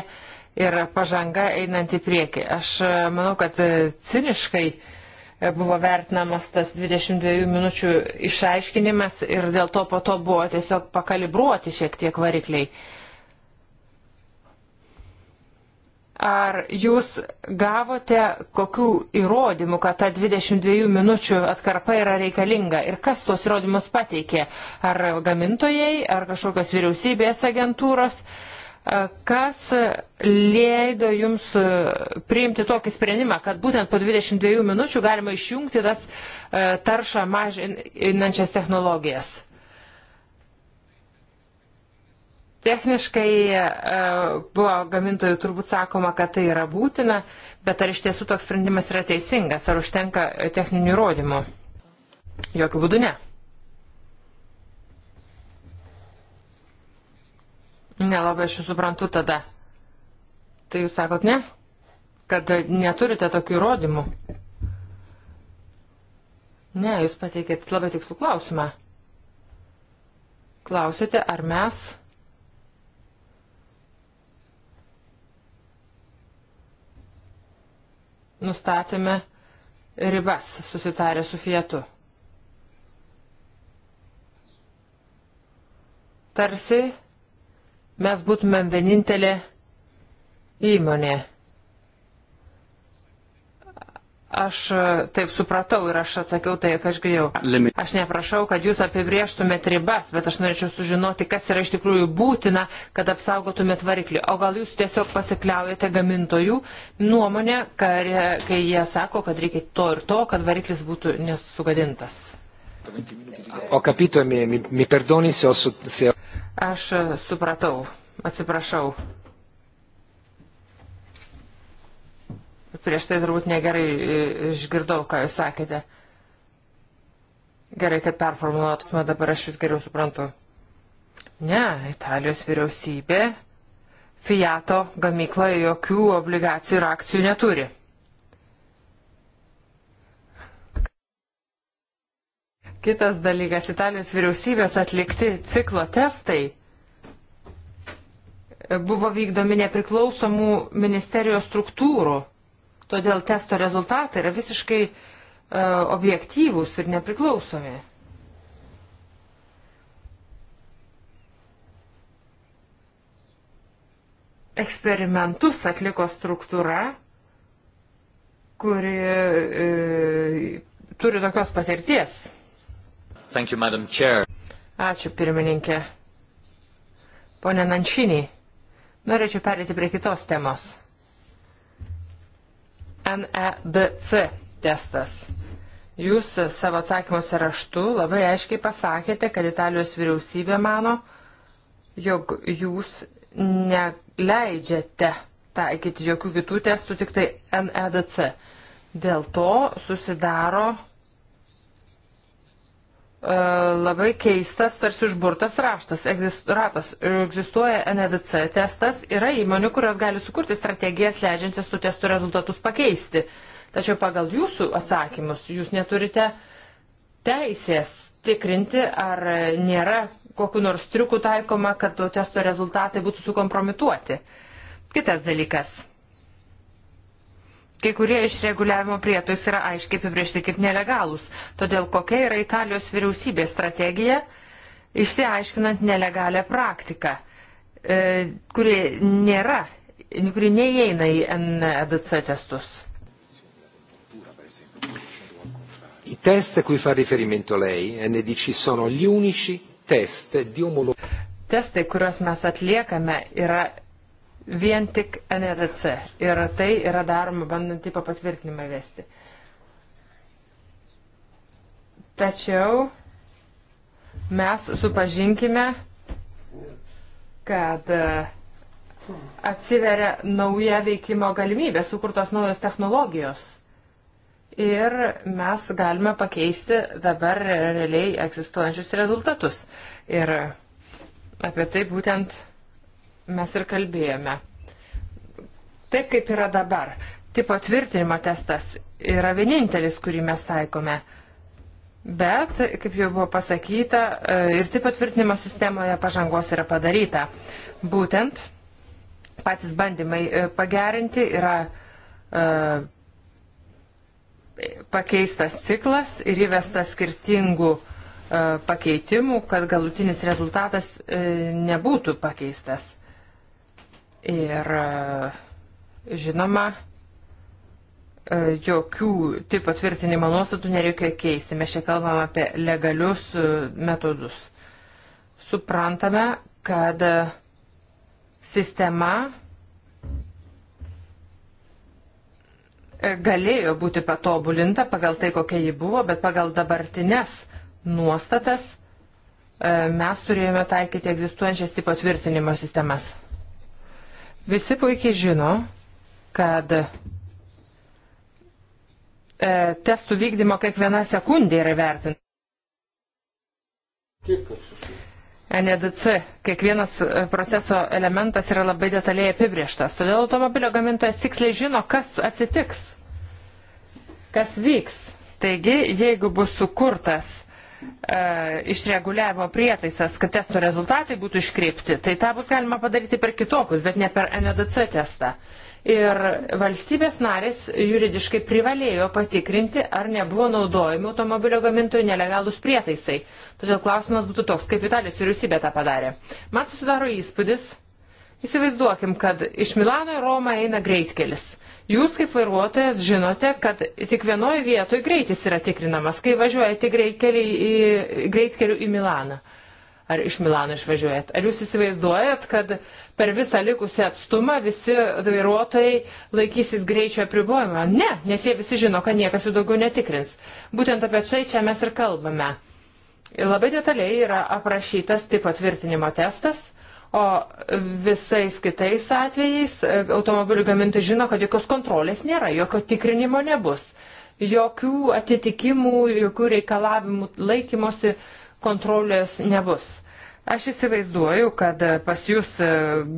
ir pažanga einant į priekį. Aš e, manau, kad e, ciniškai e, buvo vertinamas tas 22 minučių išaiškinimas ir dėl to po to buvo tiesiog pakalibruoti šiek tiek varikliai. Uh, Ar jūs gavote kokių įrodymų, kad ta 22 minučių atkarpa yra reikalinga ir kas tuos įrodymus pateikė? Ar gamintojai, ar kažkokios vyriausybės agentūros? Kas leido jums priimti tokį sprendimą, kad būtent po 22 minučių galima išjungti tas taršą mažinančias technologijas? Techniškai e, buvo gamintojų turbūt sakoma, kad tai yra būtina, bet ar iš tiesų toks sprendimas yra teisingas, ar užtenka e, techninių įrodymų? Jokių būdų ne. Nelabai aš suprantu tada. Tai jūs sakot ne? Kad neturite tokių įrodymų? Ne, jūs pateikėt labai tikslų klausimą. Klausėte, ar mes nustatėme ribas susitarę su Fietu. Tarsi mes būtumėm vienintelė įmonė Aš e, taip supratau ir aš atsakiau tai, ką aš girdėjau. Aš neprašau, kad jūs apibrieštumėt ribas, bet aš norėčiau sužinoti, kas yra iš tikrųjų būtina, kad apsaugotumėt variklį. O gal jūs tiesiog pasikliaujate gamintojų nuomonę, kai jie sako, kad reikia to ir to, kad variklis būtų nesugadintas. Ho capito, mi, mi, mi perdoni se ho... Se... Aš e, supratau, atsiprašau. Prieš tai turbūt negerai e, išgirdau, ką jūs sakėte. Gerai, kad performuluotume, dabar aš jūs geriau suprantu. Ne, Italijos vyriausybė Fiato gamykla jokių obligacijų ir akcijų neturi. Kitas dalykas, Italijos vyriausybės atlikti ciklo testai buvo vykdomi nepriklausomų ministerijos struktūrų. Todėl testo rezultatai yra visiškai e, objektyvūs ir nepriklausomi. Eksperimentus atliko struktūra, kuri e, turi tokios patirties. Thank you, Madam Chair. Ačiū, pirmininkė. Pone Nanšinį, norėčiau perėti prie kitos temos. NEDC testas. Jūs savo atsakymuose raštu labai aiškiai pasakėte, kad Italijos vyriausybė mano, jog jūs neleidžiate taikyti jokių kitų testų, tik tai NEDC. Dėl to susidaro E, labai keistas, tarsi užburtas raštas, egzist, ratas. Egzistuoja NDC testas, yra įmonių, kurios gali sukurti strategijas leidžiančias tų testų rezultatus pakeisti. Tačiau pagal jūsų atsakymus jūs neturite teisės tikrinti, ar nėra kokiu nors triuku taikoma, kad to testo rezultatai būtų sukompromituoti. Kitas dalykas Kai kurie iš reguliavimo prietais yra aiškiai apibriešti kaip nelegalūs. Todėl kokia yra Italijos vyriausybės strategija, išsiaiškinant nelegalią praktiką, e, kuri nėra, kuri neįeina į NEDC testus. I test, cui fa riferimento lei, NDC, e sono gli unici test di omologazione. Testai, kuriuos mes atliekame, yra vien tik NRC. E Ir tai yra daroma bandant tipo patvirtinimą vesti. Tačiau mes supažinkime, kad e, atsiveria nauja veikimo galimybė, sukurtos naujos technologijos. Ir mes galime pakeisti dabar realiai egzistuojančius rezultatus. Ir apie tai būtent mes ir kalbėjome. Taip kaip yra dabar. Tipo tvirtinimo testas yra vienintelis, kurį mes taikome. Bet, kaip jau buvo pasakyta, e, ir tipo tvirtinimo sistemoje pažangos yra padaryta. Būtent patys bandymai e, pagerinti yra e, pakeistas ciklas ir įvestas skirtingų pakeitimų, kad galutinis rezultatas nebūtų pakeistas. Ir e, žinoma, e, jokių tai patvirtinimo nuostatų nereikia keisti. Mes čia kalbam apie legalius e, metodus. Suprantame, kad sistema galėjo būti patobulinta pagal tai, kokia ji buvo, bet pagal dabartinės nuostatas mes turėjome taikyti egzistuojančias tipo tvirtinimo sistemas. Visi puikiai žino, kad e, testų vykdymo kiekviena sekundė yra vertinta. NDC, e kiekvienas e, proceso elementas yra labai detaliai apibrieštas. Todėl automobilio gamintojas tiksliai žino, kas atsitiks, kas vyks. Taigi, jeigu bus sukurtas E, išreguliavimo prietaisas, kad testo rezultatai būtų iškreipti, tai tą bus galima padaryti per kitokius, bet ne per NDC e testą. Ir valstybės narės juridiškai privalėjo patikrinti, ar nebuvo naudojami automobilio gamintojų nelegalus prietaisai. Todėl klausimas būtų toks, kaip Italijos vyriausybė tą padarė. Man susidaro įspūdis, įsivaizduokim, kad iš Milano į Romą eina greitkelis. Jūs kaip vairuotojas žinote, kad tik vienoje vietoje greitis yra tikrinamas, kai važiuojate greitkeliu į, greitkeliu į Milaną. Ar iš Milano išvažiuojat? Ar jūs įsivaizduojat, kad per visą likusią atstumą visi vairuotojai laikysis greičio apribojimo? Ne, nes jie visi žino, kad niekas jų daugiau netikrins. Būtent apie tai čia mes ir kalbame. Labai detaliai yra aprašytas tipo tvirtinimo testas O visais kitais atvejais e, automobilių gamintojai žino, kad jokios kontrolės nėra, jokio tikrinimo nebus, jokių atitikimų, jokių reikalavimų laikymosi kontrolės nebus. Aš įsivaizduoju, kad pas jūs e,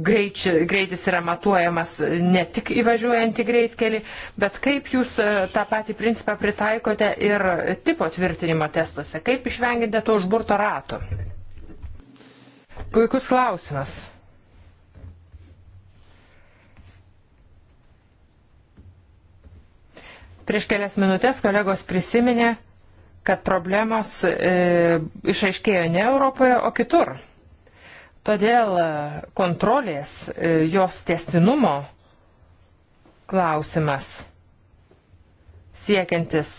greič, greitis yra matuojamas ne tik įvažiuojant į greitkelį, bet kaip jūs e, tą patį principą pritaikote ir tipo tvirtinimo testuose, kaip išvengite to užburto rato. Puikus klausimas. Prieš kelias minutės kolegos prisiminė, kad problemos e, išaiškėjo ne Europoje, o kitur. Todėl e, kontrolės e, jos testinumo klausimas siekiantis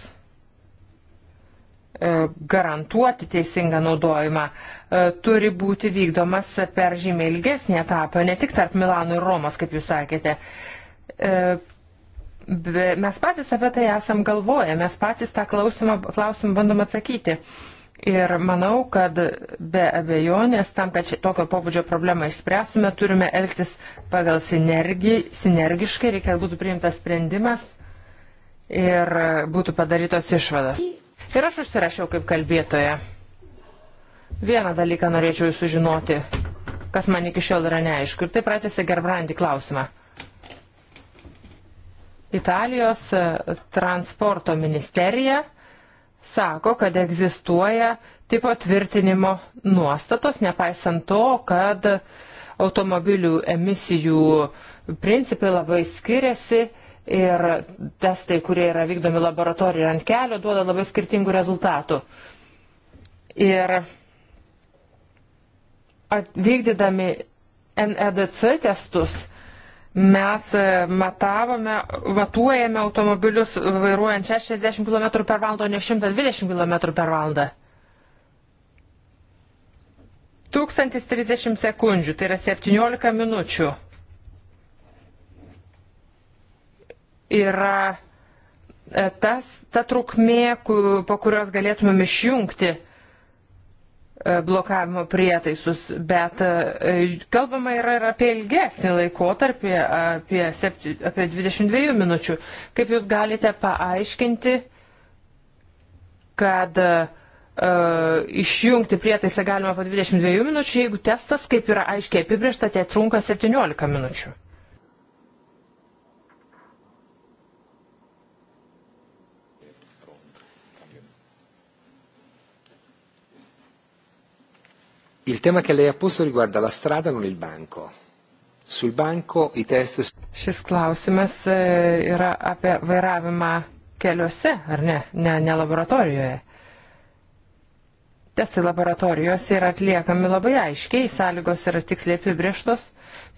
E, garantuoti teisingą naudojimą, e, turi būti vykdomas per žymiai ilgesnį etapą, ne tik tarp Milano ir Romos, kaip jūs sakėte. E, mes patys apie tai esam galvoję, mes patys tą klausimą, klausimą bandom atsakyti. Ir manau, kad be abejonės, tam, kad tokio pobūdžio problemą išspręstume, turime elgtis pagal sinergi, sinergiškai, reikia būtų priimtas sprendimas ir būtų padarytos išvadas. Ir aš užsirašiau kaip kalbėtoja. Vieną dalyką norėčiau jūs sužinoti, kas man iki šiol yra neaišku. Ir tai pratėsi Gerbrandi klausimą. Italijos e, transporto ministerija sako, kad egzistuoja tipo tvirtinimo nuostatos, nepaisant to, kad automobilių emisijų principai labai skiriasi ir testai, kurie yra vykdomi laboratorijoje ant kelio, duoda labai skirtingų rezultatų. Ir vykdydami NEDC testus mes e, matavome, matuojame automobilius vairuojant 60 km per valandą, o ne 120 km per valandą. 1030 sekundžių, tai yra 17 minučių. yra e, tas, ta trukmė, po kurios galėtumėm išjungti e, blokavimo prietaisus, bet e, kalbama yra ir apie ilgesnį laikotarpį, apie, 7, apie 22 minučių. Kaip jūs galite paaiškinti, kad uh, išjungti prietaisą galima po 22 minučių, jeigu testas, kaip yra aiškiai apibriešta, tai trunka 17 minučių? Il tema che lei ha posto riguarda la strada, non il banco. Sul banco i test. Šis klausimas e, yra apie vairavimą keliuose, ar ne? Ne, ne laboratorijoje. Testai laboratorijose yra atliekami labai aiškiai, sąlygos yra tiksliai apibrieštos,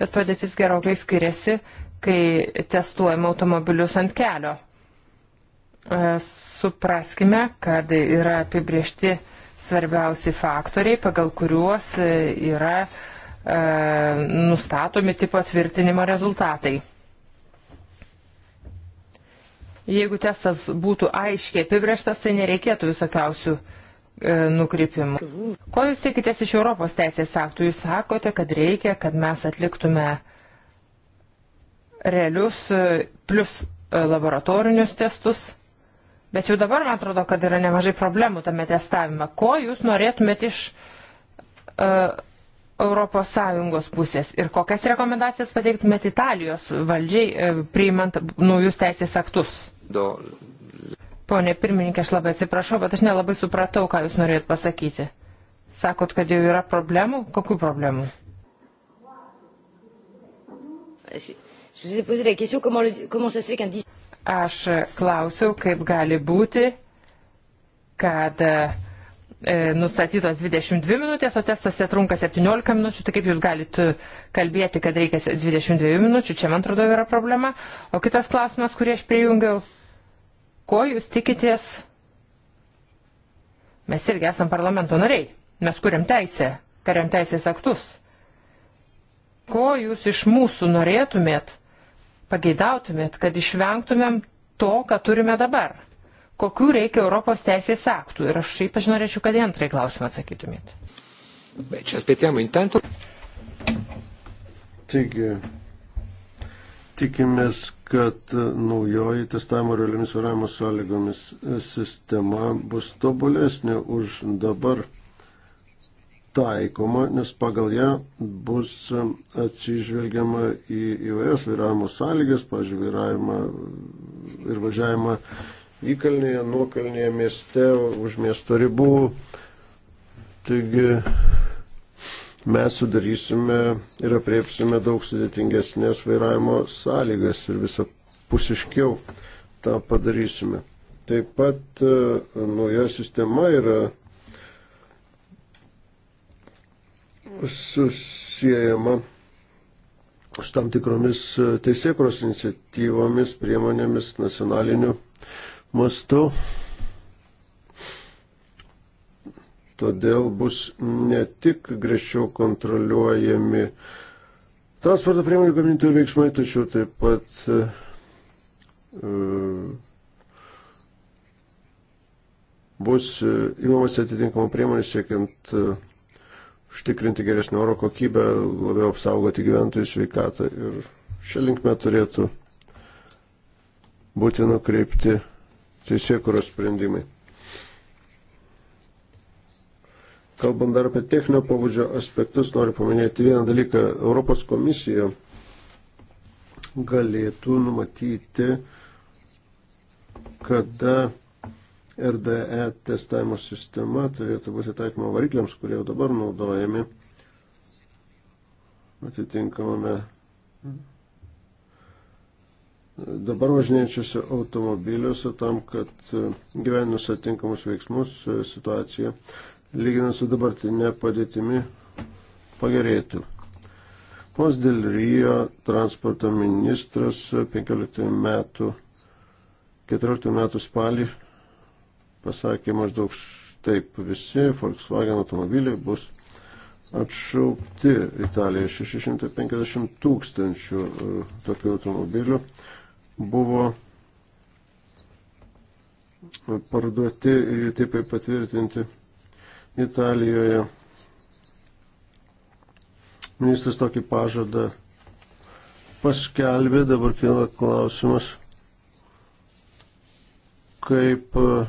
bet padėtis gerokai skiriasi, kai testuojame automobilius ant kelio. E, supraskime, kad yra apibriešti svarbiausi faktoriai, pagal kuriuos e, yra e, nustatomi tipo tvirtinimo rezultatai. Jeigu testas būtų aiškiai apibrieštas, tai nereikėtų visokiausių e, nukrypimų. Ko jūs tikitės iš Europos teisės aktų? Jūs sakote, kad reikia, kad mes atliktume realius e, plus e, laboratorinius testus Bet jau dabar man atrodo, kad yra nemažai problemų tame testavime. Ko jūs norėtumėt iš uh, e, ES pusės ir kokias rekomendacijas pateiktumėt Italijos valdžiai uh, priimant naujus teisės aktus? Do. Pone pirmininkė, aš labai atsiprašau, bet aš nelabai supratau, ką jūs norėjot pasakyti. Sakot, kad jau yra problemų? Kokių problemų? Je vous ai posé la question comment, le, comment ça se fait qu'un 10... Aš klausiau, kaip gali būti, kad e, nustatytos 22 minutės, o testas trunka 17 minučių, tai kaip jūs galit e, kalbėti, kad reikia 22 minučių, čia man atrodo yra problema. O kitas klausimas, kurį aš prijungiau, ko jūs tikitės? Mes irgi esam parlamento nariai, mes kuriam teisę, kariam teisės aktus. Ko jūs iš mūsų norėtumėt? pageidautumėt, kad išvengtumėm to, ką turime dabar? Kokių reikia Europos teisės aktų? Ir aš ypač norėčiau, kad į antrąjį klausimą atsakytumėt. Bet čia spėtėm intentų. Taigi, tikimės, kad naujoji testavimo realiomis varavimo sąlygomis sistema bus tobulesnė už dabar taikoma, nes pagal ją bus atsižvelgiama į įvairias vairavimo sąlygas, pažiūrėjau, vairavimą ir važiavimą įkalnėje, nuokalnėje, mieste, už miesto ribų. Taigi mes sudarysime ir apriepsime daug sudėtingesnės vairavimo sąlygas ir visą pusiškiau tą padarysime. Taip pat e, nauja sistema yra susijęjama su tam tikromis e, teisėkros iniciatyvomis, priemonėmis nacionaliniu mastu. Todėl bus ne tik griežčiau kontroliuojami transporto priemonių gamintojų veiksmai, tačiau taip pat uh, bus įmamas atitinkamų priemonių siekiant uh, užtikrinti geresnį oro kokybę, labiau apsaugoti gyventojų sveikatą ir šią linkmę turėtų būti nukreipti teisėkuros sprendimai. Kalbant dar apie techninio pabudžio aspektus, noriu paminėti vieną dalyką. Europos komisija galėtų numatyti, kada RDE testavimo sistema turėtų būti taikoma varikliams, kurie jau dabar naudojami atitinkamame dabar važinėčiuose automobiliuose tam, kad gyvenimus atitinkamus veiksmus situacija lyginant su dabartinė padėtimi pagerėtų. Pos dėl Rijo transporto ministras 15 metų, 14 metų spalį pasakė maždaug taip, visi Volkswagen automobiliai bus atšaukti Italijoje. 650 tūkstančių e, tokių automobilių buvo parduoti ir jų tipai patvirtinti Italijoje. Ministras tokį pažadą paskelbė, dabar kila klausimas, kaip uh,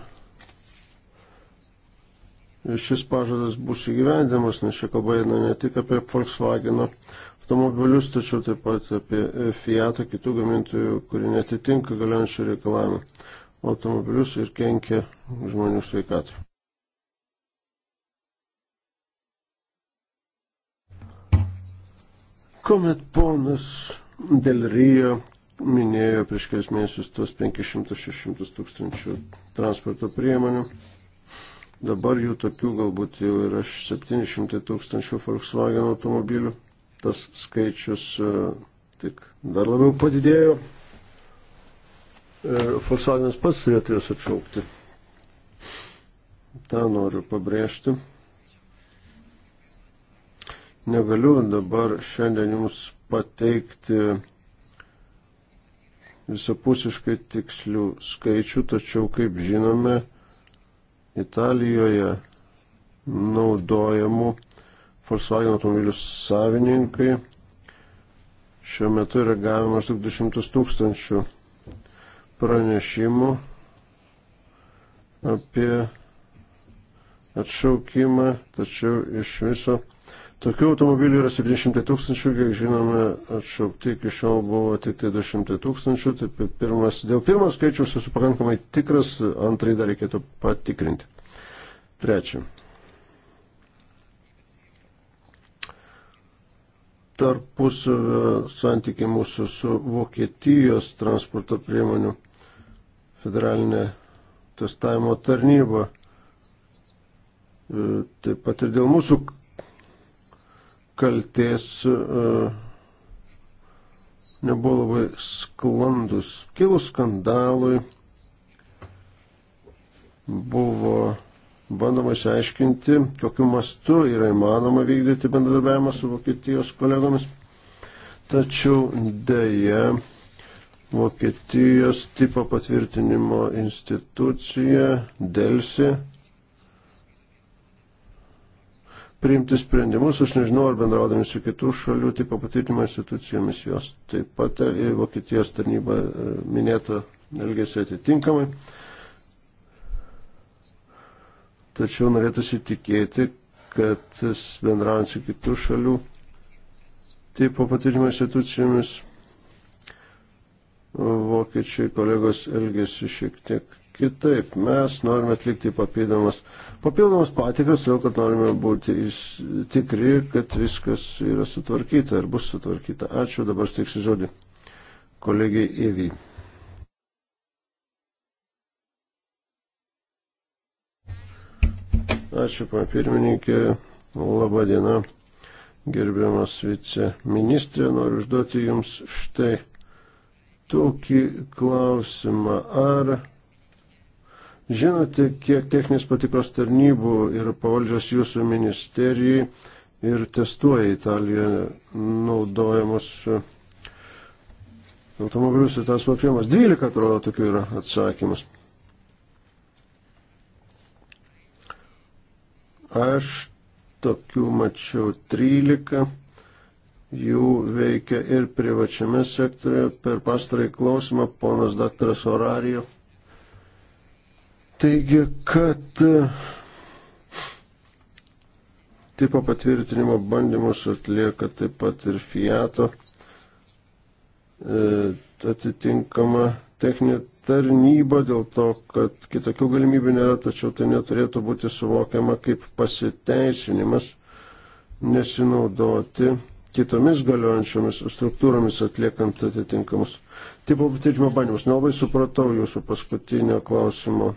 šis pažadas bus įgyvendimas, nes čia kalba eina ne tik apie Volkswagen automobilius, tačiau taip pat apie Fiat, kitų gamintojų, kurie netitinka galiančių reikalavimų automobilius ir kenkia žmonių sveikatai. Komet ponas Del Rio minėjo prieš kelias mėnesius tos 500-600 tūkstančių transporto priemonių. Dabar jų tokių galbūt jau yra 700 tūkstančių Volkswagen automobilių. Tas skaičius e, tik dar labiau padidėjo. Ir Volkswagenas pats turėtų juos atšaukti. Ta noriu pabrėžti. Negaliu dabar šiandien jums pateikti visapusiškai tikslių skaičių, tačiau, kaip žinome, Italijoje naudojamų Volkswagen automobilių savininkai šiuo metu yra gavę maždaug 200 tūkstančių pranešimų apie atšaukimą, tačiau iš viso Tokių automobilių yra 700 tūkstančių, kiek žinome, atšaukti iki šiol buvo tik tai 200 tūkstančių. Tai pirmas, dėl pirmo skaičiaus esu pakankamai tikras, antrai dar reikėtų patikrinti. Trečia. Tarpusavio santykiai mūsų su Vokietijos transporto priemonių federalinė testavimo tarnyba. E, taip pat ir dėl mūsų kalties e, nebuvo labai sklandus. Kilus skandalui buvo bandoma išsiaiškinti, kokiu mastu yra įmanoma vykdyti bendradarbiavimą su Vokietijos kolegomis. Tačiau dėja Vokietijos tipo patvirtinimo institucija Delsi priimti sprendimus. Aš nežinau, ar bendraudami su kitų šalių tipo patvirtinimo institucijomis jos taip pat e, Vokietijos tarnyba e, minėta elgėsi atitinkamai. Tačiau norėtųsi tikėti, kad bendraujant su kitų šalių tipo patvirtinimo institucijomis vokiečiai kolegos elgėsi šiek tiek kitaip. Mes norime atlikti papildomas, papildomas patikras, todėl kad norime būti tikri, kad viskas yra sutvarkyta ir bus sutvarkyta. Ačiū, dabar steiksiu žodį kolegijai Evy. Ačiū, pana pirmininkė. Labą dieną, gerbiamas viceministrė. Noriu užduoti Jums štai tokį klausimą. Ar Žinote, kiek techninės patikros tarnybų yra pavaldžios jūsų ministerijai ir testuoja Italijoje naudojamos uh, automobilius ir tas priemas. 12 atrodo tokių yra atsakymas. Aš tokių mačiau 13 jų veikia ir privačiame sektorėje. Per pastarąjį klausimą ponas daktaras Orarijo Taigi, kad e, tipo patvirtinimo bandymus atlieka taip pat ir Fiato e, atitinkama techninė tarnyba dėl to, kad kitokių galimybių nėra, tačiau tai neturėtų būti suvokiama kaip pasiteisinimas nesinaudoti kitomis galiojančiomis struktūromis atliekant atitinkamus tipo patvirtinimo bandymus. Nelabai supratau jūsų paskutinio klausimo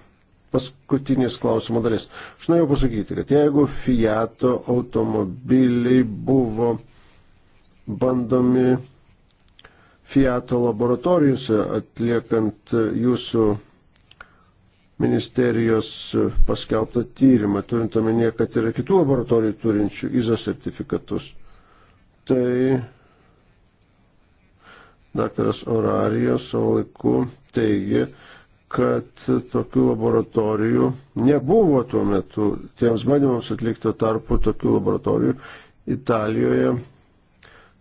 paskutinis klausimo dalis. Aš norėjau pasakyti, kad jeigu Fiato automobiliai buvo bandomi Fiato laboratorijose atliekant jūsų ministerijos paskelbtą tyrimą, turint omenyje, kad yra kitų laboratorijų turinčių ISO sertifikatus, tai daktaras Orarijos savo laiku teigia, kad tokių laboratorijų nebuvo tuo metu. Tiems bandymams atlikto tarpu tokių laboratorijų Italijoje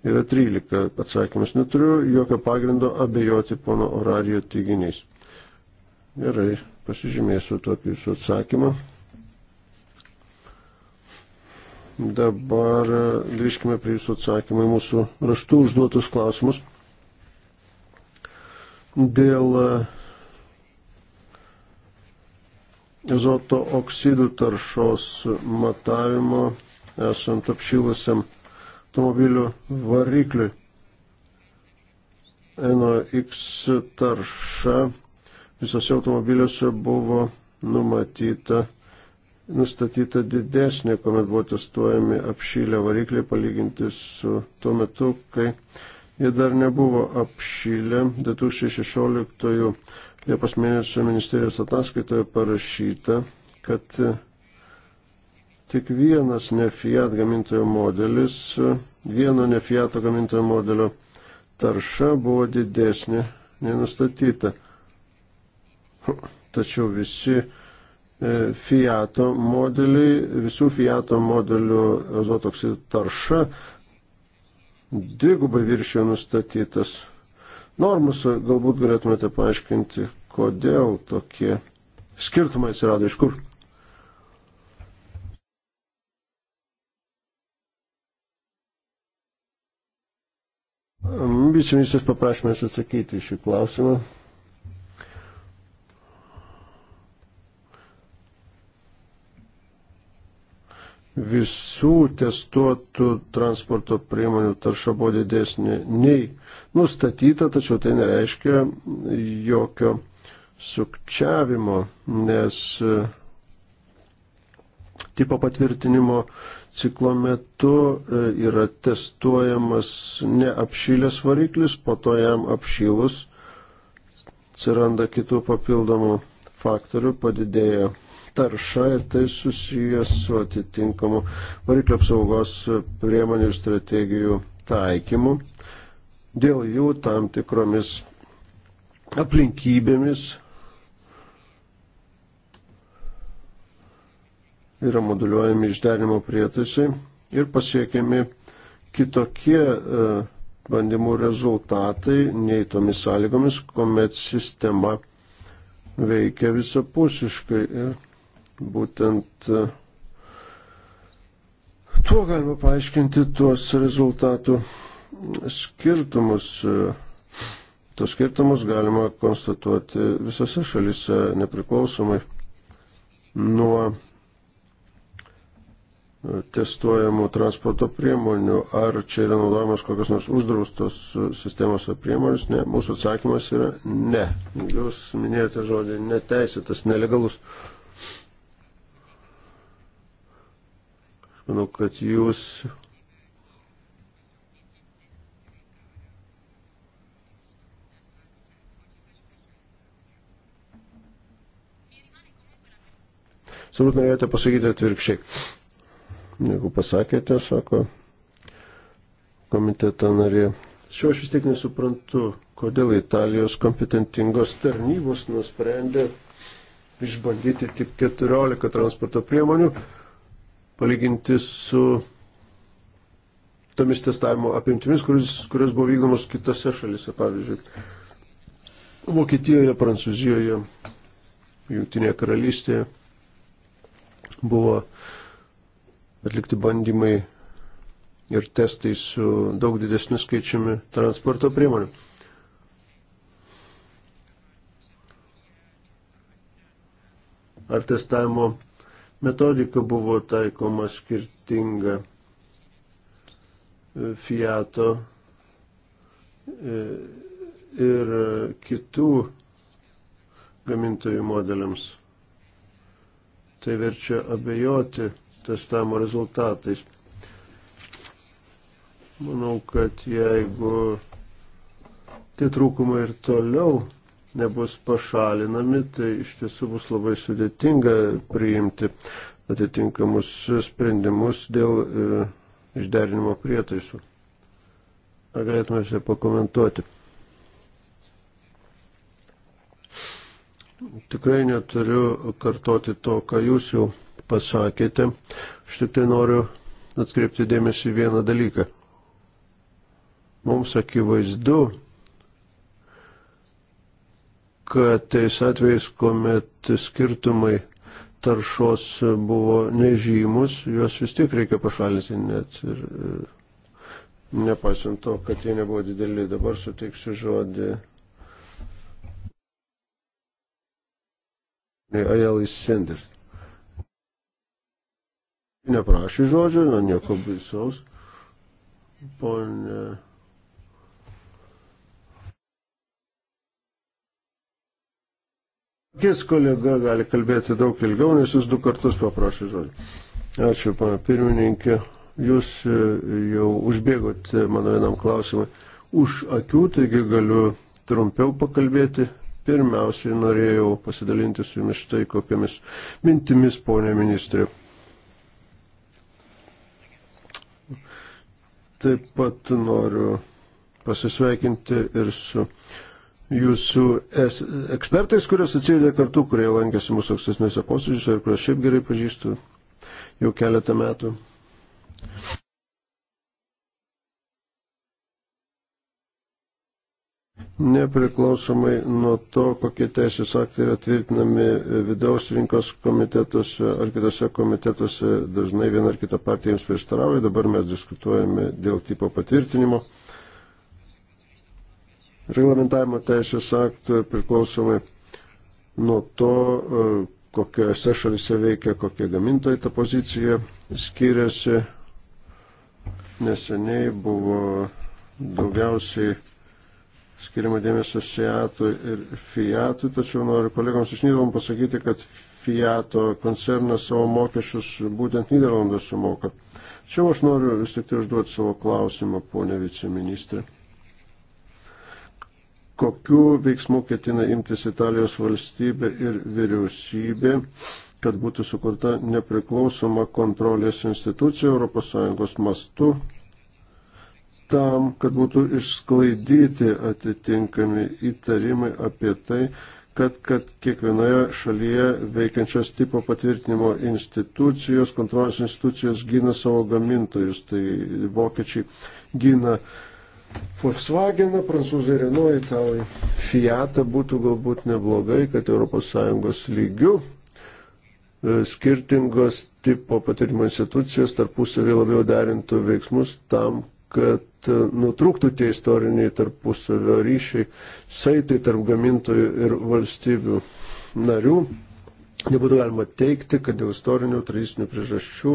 yra 13. Atsakymas neturiu jokio pagrindo abejoti pono Orarijo teiginiais. Gerai, pasižymėsiu tokį jūsų atsakymą. Dabar e, grįžkime prie jūsų atsakymą į mūsų raštų užduotus klausimus. Dėl uh, azoto oksidų taršos matavimo esant apšilusiam automobilių varikliui. NOx tarša visose automobiliuose buvo numatyta, nustatyta didesnė, kuomet buvo testuojami apšylę varikliai palyginti su tuo metu, kai jie dar nebuvo apšylę 2016 Liepos mėnesio ministerijos ataskaitoje parašyta, kad e, tik vienas nefiat gamintojo modelis, e, vieno nefiato gamintojo modelio tarša buvo didesnė nei nustatyta. Tačiau visi e, Fiato modeliai, visų Fiato modelių azotoksidų tarša dvigubai viršio nustatytas normas. Galbūt galėtumėte paaiškinti, kodėl tokie skirtumai atsirado, iš kur. Viceministras paprašymės atsakyti šį klausimą. Visų testuotų transporto priemonių tarša buvo didesnė nei nustatyta, tačiau tai nereiškia jokio sukčiavimo, nes e, tipo patvirtinimo ciklo metu e, yra testuojamas neapšylęs variklis, po to jam apšylus atsiranda kitų papildomų faktorių, padidėja tarša ir tai susijęs su atitinkamu variklio apsaugos priemonių ir strategijų taikymu. Dėl jų tam tikromis aplinkybėmis yra moduliuojami išderinimo prietaisai ir pasiekiami kitokie e, bandymų rezultatai nei tomis sąlygomis, kuomet sistema veikia visapusiškai. Ir būtent e, tuo galima paaiškinti tuos rezultatų skirtumus. E, Tos skirtumus galima konstatuoti visose šalise nepriklausomai nuo testuojamų transporto priemonių, ar čia yra naudojamos kokios nors uždraustos sistemos ar priemonės. Ne, mūsų atsakymas yra ne. Jūs minėjote žodį neteisėtas, nelegalus. Manau, kad jūs Turbūt norėjote pasakyti atvirkščiai negu pasakėte, sako komiteto narė. Šiuo aš vis tiek nesuprantu, kodėl Italijos kompetentingos tarnybos nusprendė išbandyti tik 14 transporto priemonių, palyginti su tomis testavimo apimtimis, kuris, kurios buvo vykdomos kitose šalise, pavyzdžiui, Vokietijoje, Prancūzijoje, Jungtinėje karalystėje buvo atlikti bandymai ir testai su daug didesniu skaičiumi transporto priemonių. Ar testavimo metodika buvo taikoma skirtinga e, Fiato e, ir e, kitų gamintojų modeliams. Tai verčia abejoti testavimo rezultatais. Manau, kad jeigu tie trūkumai ir toliau nebus pašalinami, tai iš tiesų bus labai sudėtinga priimti atitinkamus sprendimus dėl e, išderinimo prietaisų. Ar galėtumėte pakomentuoti? Tikrai neturiu kartoti to, ką jūs jau pasakėte. Aš tik tai noriu atkreipti dėmesį vieną dalyką. Mums akivaizdu, kad tais atvejais, kuomet skirtumai taršos buvo nežymus, juos vis tiek reikia pašalinti net ir e, nepaisant to, kad jie nebuvo dideli. Dabar suteiksiu žodį. Ajalai Sender. Neprašy žodžio, na nieko baisaus. Pone. Kis kolega gali kalbėti daug ilgiau, nes jūs du kartus paprašė žodį. Ačiū, pana pirmininkė. Jūs e, jau užbėgot e, mano vienam klausimui už akių, taigi galiu trumpiau pakalbėti. Pirmiausiai norėjau pasidalinti su jumis štai kokiamis mintimis, ponė ministrė. Taip pat noriu pasisveikinti ir su jūsų ekspertais, kuriuos atsivedė kartu, kurie lankėsi mūsų ankstesnėse posėdžiuose ir kuriuos šiaip gerai pažįstu jau keletą metų. nepriklausomai nuo to, kokie teisės aktai yra tvirtinami vidaus rinkos komitetuose ar kitose komitetuose, dažnai viena ar kita partija jums prieštarauja, dabar mes diskutuojame dėl tipo patvirtinimo. Reglamentavimo teisės aktų priklausomai nuo to, kokiuose šalise veikia, kokie gamintojai ta pozicija skiriasi. Neseniai buvo daugiausiai skiriama dėmesio Seatui ir Fiatui, tačiau noriu kolegams iš Nyderlandų pasakyti, kad Fiato koncernas savo mokesčius būtent Nyderlanduose moka. Čia aš noriu vis tik tai užduoti savo klausimą, ponė viceministrė. Kokiu veiksmu ketina imtis Italijos valstybė ir vyriausybė, kad būtų sukurta nepriklausoma kontrolės institucija ES mastu, tam, kad būtų išsklaidyti atitinkami įtarimai apie tai, kad, kad kiekvienoje šalyje veikiančios tipo patvirtinimo institucijos, kontrolės institucijos gina savo gamintojus. Tai vokiečiai gina Volkswageną, prancūzai Renault, italai Fiatą. Būtų galbūt neblogai, kad ES lygių e, skirtingos tipo patvirtinimo institucijos tarpusavį labiau derintų veiksmus tam, kad e, nutrūktų tie istoriniai tarpusavio ryšiai, saitai tarp gamintojų ir valstybių narių. Nebūtų galima teikti, kad dėl istorinių tradicinių priežasčių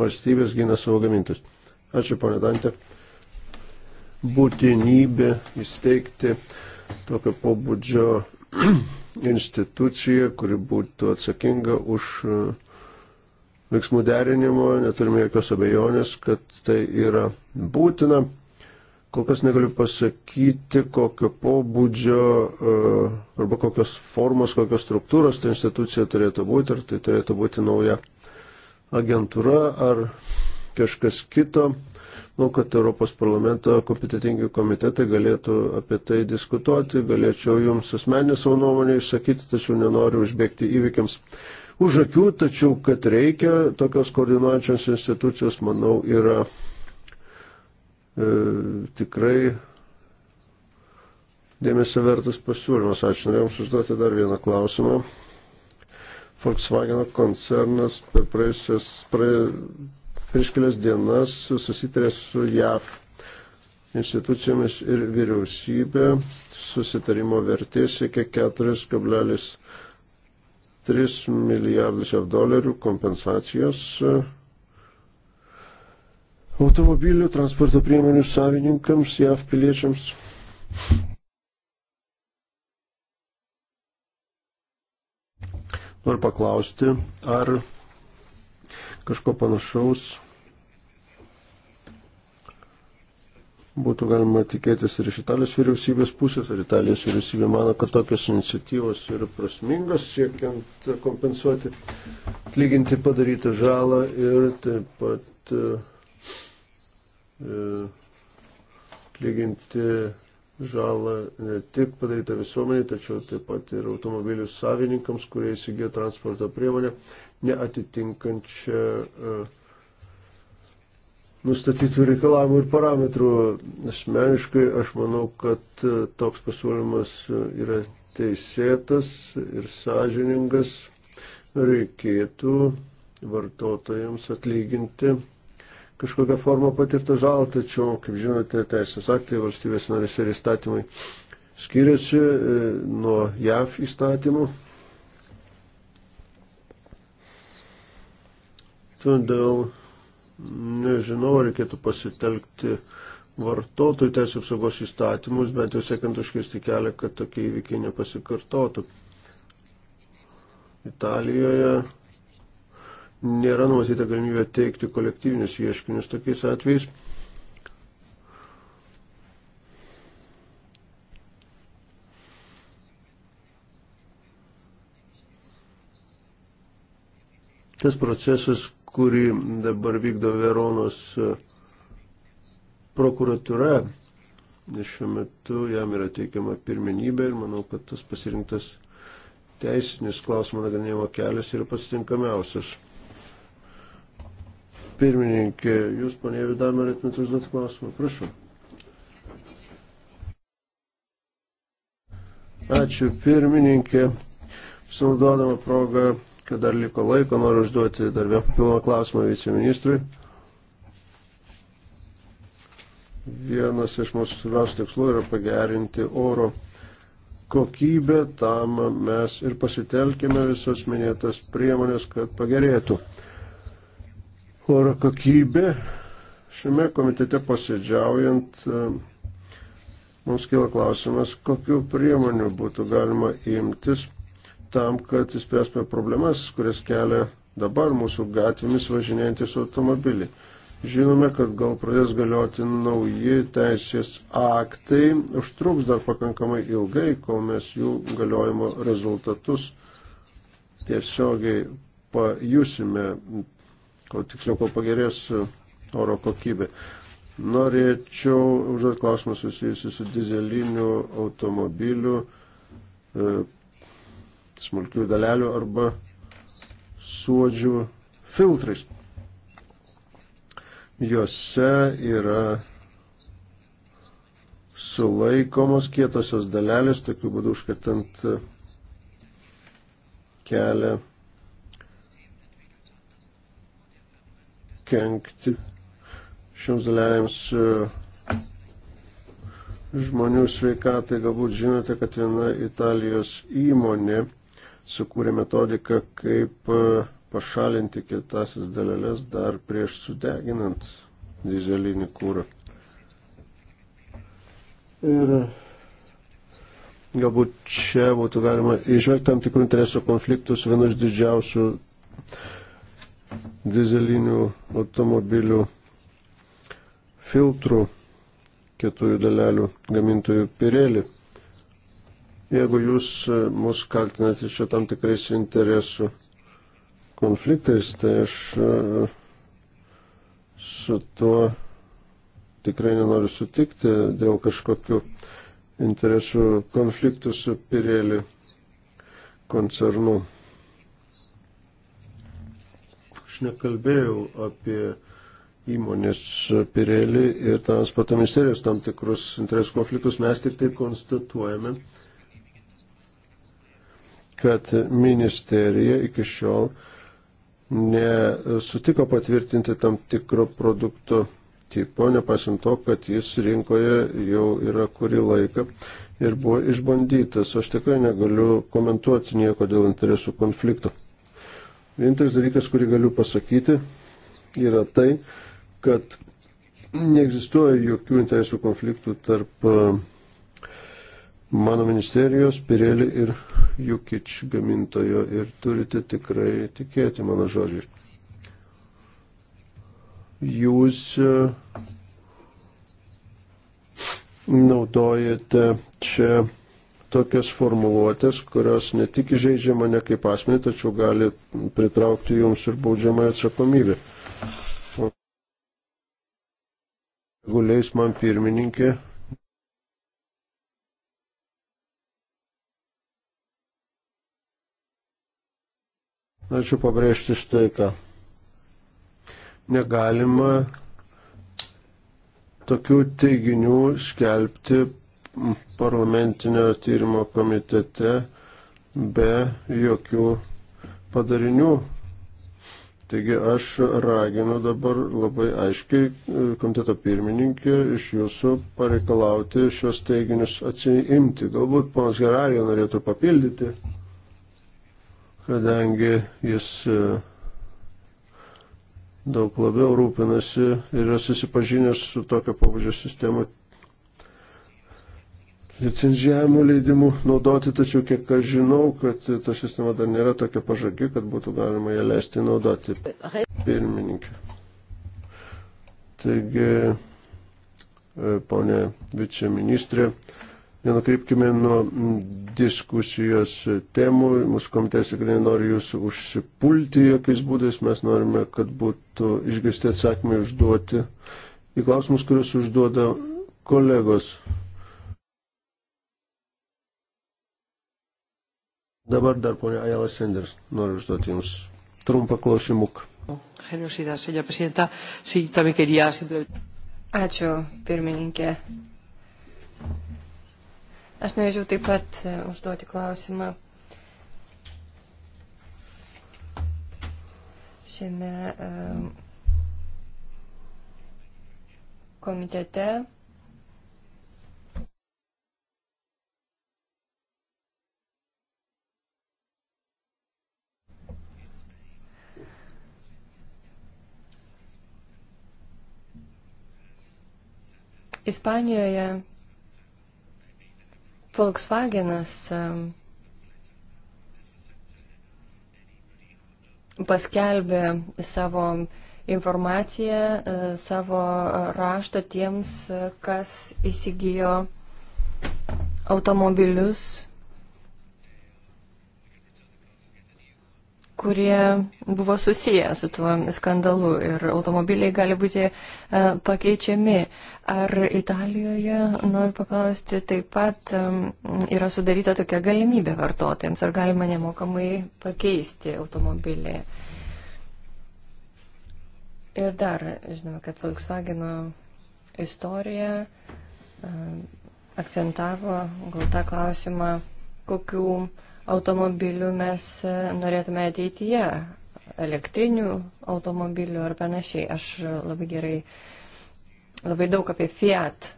valstybės gina savo gamintus. Ačiū, ponė Dantė. Būtinybė įsteigti tokio pobūdžio instituciją, kuri būtų atsakinga už uh, veiksmų derinimo, neturime jokios abejonės, kad tai yra būtina. Kol kas negaliu pasakyti, kokio pobūdžio e, arba kokios formos, kokios struktūros ta institucija turėtų būti, ar tai turėtų būti nauja agentūra ar kažkas kito. Manau, kad Europos parlamento kompetitingi komitetai galėtų apie tai diskutuoti, galėčiau jums asmenį savo nuomonę išsakyti, tačiau nenoriu užbėgti įvykiams už akių, tačiau kad reikia tokios koordinuojančios institucijos, manau, yra e, tikrai dėmesio vertas pasiūlymas. Ačiū, norėjom užduoti dar vieną klausimą. Volkswagen koncernas per praėjusias, praė, prieš kelias dienas susitarė su JAV institucijomis ir vyriausybė susitarimo vertė siekia 4,5 3 milijardus jav dolerių kompensacijos e, automobilių transporto priemonių savininkams, jav piliečiams. Noriu paklausti, ar kažko panašaus būtų galima tikėtis ir iš Italijos vyriausybės pusės, ar Italijos vyriausybė mano, kad tokios iniciatyvos yra prasmingos, siekiant kompensuoti, atlyginti padarytą žalą ir taip pat e, atlyginti žalą ne tik padarytą visuomenį, tačiau taip pat ir automobilių savininkams, kurie įsigijo transporto priemonę, neatitinkančią uh, nustatytų reikalavimų ir parametrų. Asmeniškai aš manau, kad e, toks pasiūlymas e, yra teisėtas ir sąžiningas. Reikėtų vartotojams atlyginti kažkokią formą patirtą žalą, tačiau, kaip žinote, teisės aktai valstybės narės ir įstatymai skiriasi e, nuo JAV įstatymų. Todėl nežinau, reikėtų pasitelkti vartotojų teisų apsaugos įstatymus, bent jau siekiant užkirsti kelią, kad tokie įvykiai nepasikartotų. Italijoje nėra numatyta galimybė teikti kolektyvinius ieškinius tokiais atvejais. Tas procesas, kurį dabar vykdo Veronos e, prokuratura, šiuo metu jam yra teikiama pirmenybė ir manau, kad tas pasirinktas teisinis klausimų nagrinėjimo kelias yra pats tinkamiausias. Pirmininkė, jūs, ponė, dar norėtumėte užduoti klausimą? Prašau. Ačiū, pirmininkė. Sinaudodama progą kad dar liko laiko, noriu užduoti dar vieną pilną klausimą viceministrui. Vienas iš mūsų svarbiausių tikslų yra pagerinti oro kokybę, tam mes ir pasitelkime visas minėtas priemonės, kad pagerėtų oro kokybė. Šiame komitete posėdžiaujant e, mums kila klausimas, kokiu priemoniu būtų galima imtis tam, kad įspręstume problemas, kurias kelia dabar mūsų gatvėmis važinėjantis automobiliai. Žinome, kad gal pradės galioti nauji teisės aktai, užtruks dar pakankamai ilgai, kol mes jų galiojimo rezultatus tiesiogiai pajusime, kol tiksliau, kol pagerės oro kokybė. Norėčiau užduoti klausimą susijusiu su dizeliniu automobiliu e, smulkių dalelių arba suodžių filtrais. Jose yra sulaikomos kietosios dalelės, tokiu būdu užkirtant kelią kenkti šioms dalelėms e, žmonių sveikatai. Galbūt žinote, kad viena Italijos įmonė sukūrė metodiką, kaip e, pašalinti kietasis dalelės dar prieš sudeginant dizelinį kūrą. Ir galbūt čia būtų galima išvelgti tam tikrų interesų konfliktus vienu iš didžiausių dizelinių automobilių filtrų kietųjų dalelių gamintojų pirėlį jeigu jūs e, mus kaltinate čia tam tikrais interesų konfliktais, tai aš e, su tuo tikrai nenoriu sutikti dėl kažkokių interesų konfliktų su Pirėlį koncernu. Aš nekalbėjau apie įmonės Pirėlį ir transporto ministerijos tam tikrus interesų konfliktus, mes tik tai konstatuojame, kad ministerija iki šiol nesutiko patvirtinti tam tikro produkto tipo, nepasint to, kad jis rinkoje jau yra kurį laiką ir buvo išbandytas. Aš tikrai negaliu komentuoti nieko dėl interesų konflikto. Vienintelis dalykas, kurį galiu pasakyti, yra tai, kad neegzistuoja jokių interesų konfliktų tarp uh, mano ministerijos Pirelį ir Jukič gamintojo ir turite tikrai tikėti mano žodžiais. Jūs e, naudojate čia tokias formuluotės, kurios ne tik įžeidžia mane kaip asmenį, tačiau gali pritraukti jums ir baudžiamą atsakomybę. Guliais man pirmininkė Norėčiau pabrėžti štai ką. Negalima tokių teiginių skelbti parlamentinio tyrimo komitete be jokių padarinių. Taigi aš raginu dabar labai aiškiai e, komiteto pirmininkė iš jūsų pareikalauti šios teiginius atsiimti. Galbūt ponas Gerarija norėtų papildyti kadangi jis e, daug labiau rūpinasi ir yra susipažinęs su tokio pobūdžio sistemo licenzijavimu leidimu naudoti, tačiau kiek aš žinau, kad ta sistema dar nėra tokia pažagi, kad būtų galima ją leisti naudoti. Pirmininkė. Taigi, e, ponė viceministrė, nenukrypkime nuo diskusijos temų. Mūsų komitės tikrai nori jūs užsipulti jokiais būdais. Mes norime, kad būtų išgirsti atsakymai užduoti į klausimus, kuriuos užduoda kolegos. Dabar dar ponia Ajala Senders noriu užduoti jums trumpą klausimuką. Ačiū, pirmininkė. Aš norėčiau taip pat e, užduoti klausimą. Šiame e, komitete Ispanijoje Volkswagenas paskelbė savo informaciją, e, savo raštą tiems, kas įsigijo automobilius kurie buvo susiję su tuo skandalu ir automobiliai gali būti e, pakeičiami. Ar Italijoje, noriu paklausti, taip pat e, yra sudaryta tokia galimybė vartotojams, ar galima nemokamai pakeisti automobilį? Ir dar, žinoma, kad Volkswageno istorija e, akcentavo gal tą klausimą, kokių automobilių mes e, norėtume ateityje, elektrinių automobilių ar panašiai. Aš e, labai gerai, labai daug apie Fiat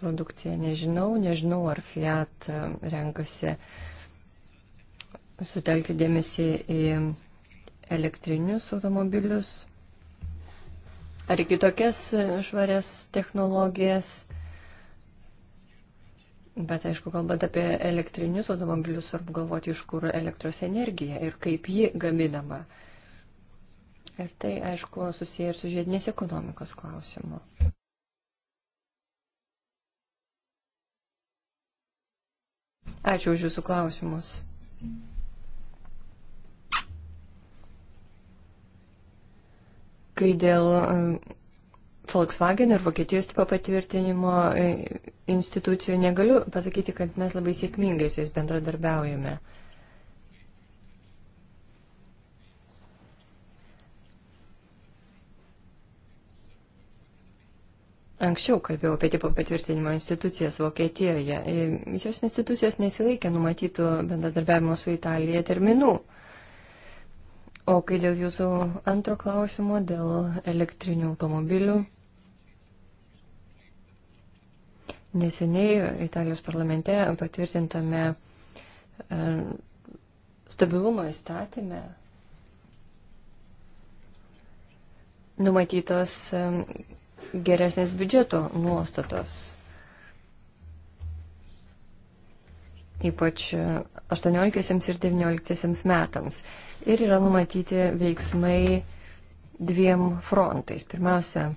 produkciją nežinau, nežinau ar Fiat e, renkasi sutelkti dėmesį į elektrinius automobilius ar į kitokias švarias technologijas. Bet aišku, kalbant apie elektrinius automobilius, svarbu galvoti, iš kur elektros energija ir kaip ji gaminama. Ir tai, aišku, susiję ir su žiedinės ekonomikos klausimu. Ačiū už Jūsų klausimus. Kai dėl Volkswagen ir Vokietijos tipo patvirtinimo e, institucijų negaliu pasakyti, kad mes labai sėkmingai su jais bendradarbiaujame. Anksčiau kalbėjau apie tipo patvirtinimo institucijas Vokietijoje. E, šios institucijos nesilaikė numatytų bendradarbiavimo su Italija terminų. O kai dėl jūsų antro klausimo, dėl elektrinių automobilių. Neseniai Italijos parlamente patvirtintame e, stabilumo įstatymė numatytos e, geresnės biudžeto nuostatos. Ypač 18 e, ir 19 metams. Ir yra numatyti veiksmai dviem frontais. Pirmiausia,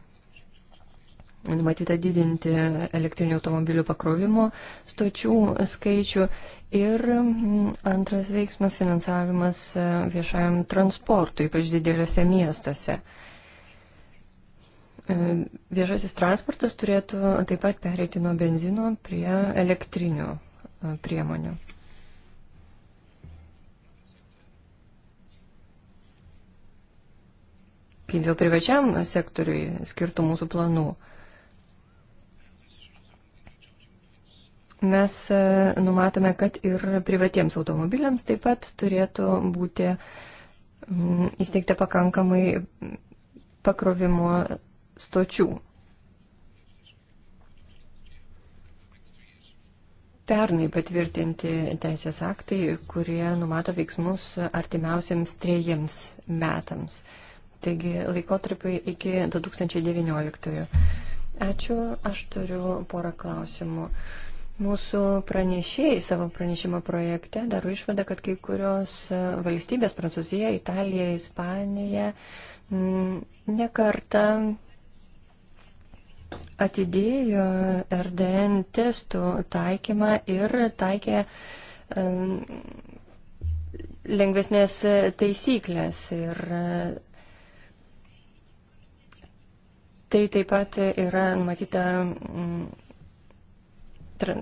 numatyta didinti elektrinių automobilių pakrovimo stočių skaičių. Ir mm, antras veiksmas - finansavimas e, viešajam transportui, ypač dideliuose miestuose. E, viešasis transportas turėtų taip pat pereiti nuo benzino prie elektrinių e, priemonių. Kai dėl privačiam sektoriui skirtų mūsų planų. mes e, numatome, kad ir privatiems automobiliams taip pat turėtų būti įsteigta pakankamai pakrovimo stočių. Pernai patvirtinti teisės aktai, kurie numato veiksmus artimiausiams trejiems metams. Taigi laikotarpiai iki 2019. Ačiū, aš turiu porą klausimų. Uh, Mūsų pranešėjai savo pranešimo projekte daro išvadą, kad kai kurios e, valstybės, Prancūzija, Italija, Ispanija, mm, nekarta atidėjo RDN testų taikymą ir taikė e, lengvesnės taisyklės. Ir e, tai taip pat yra numatyta mm, tra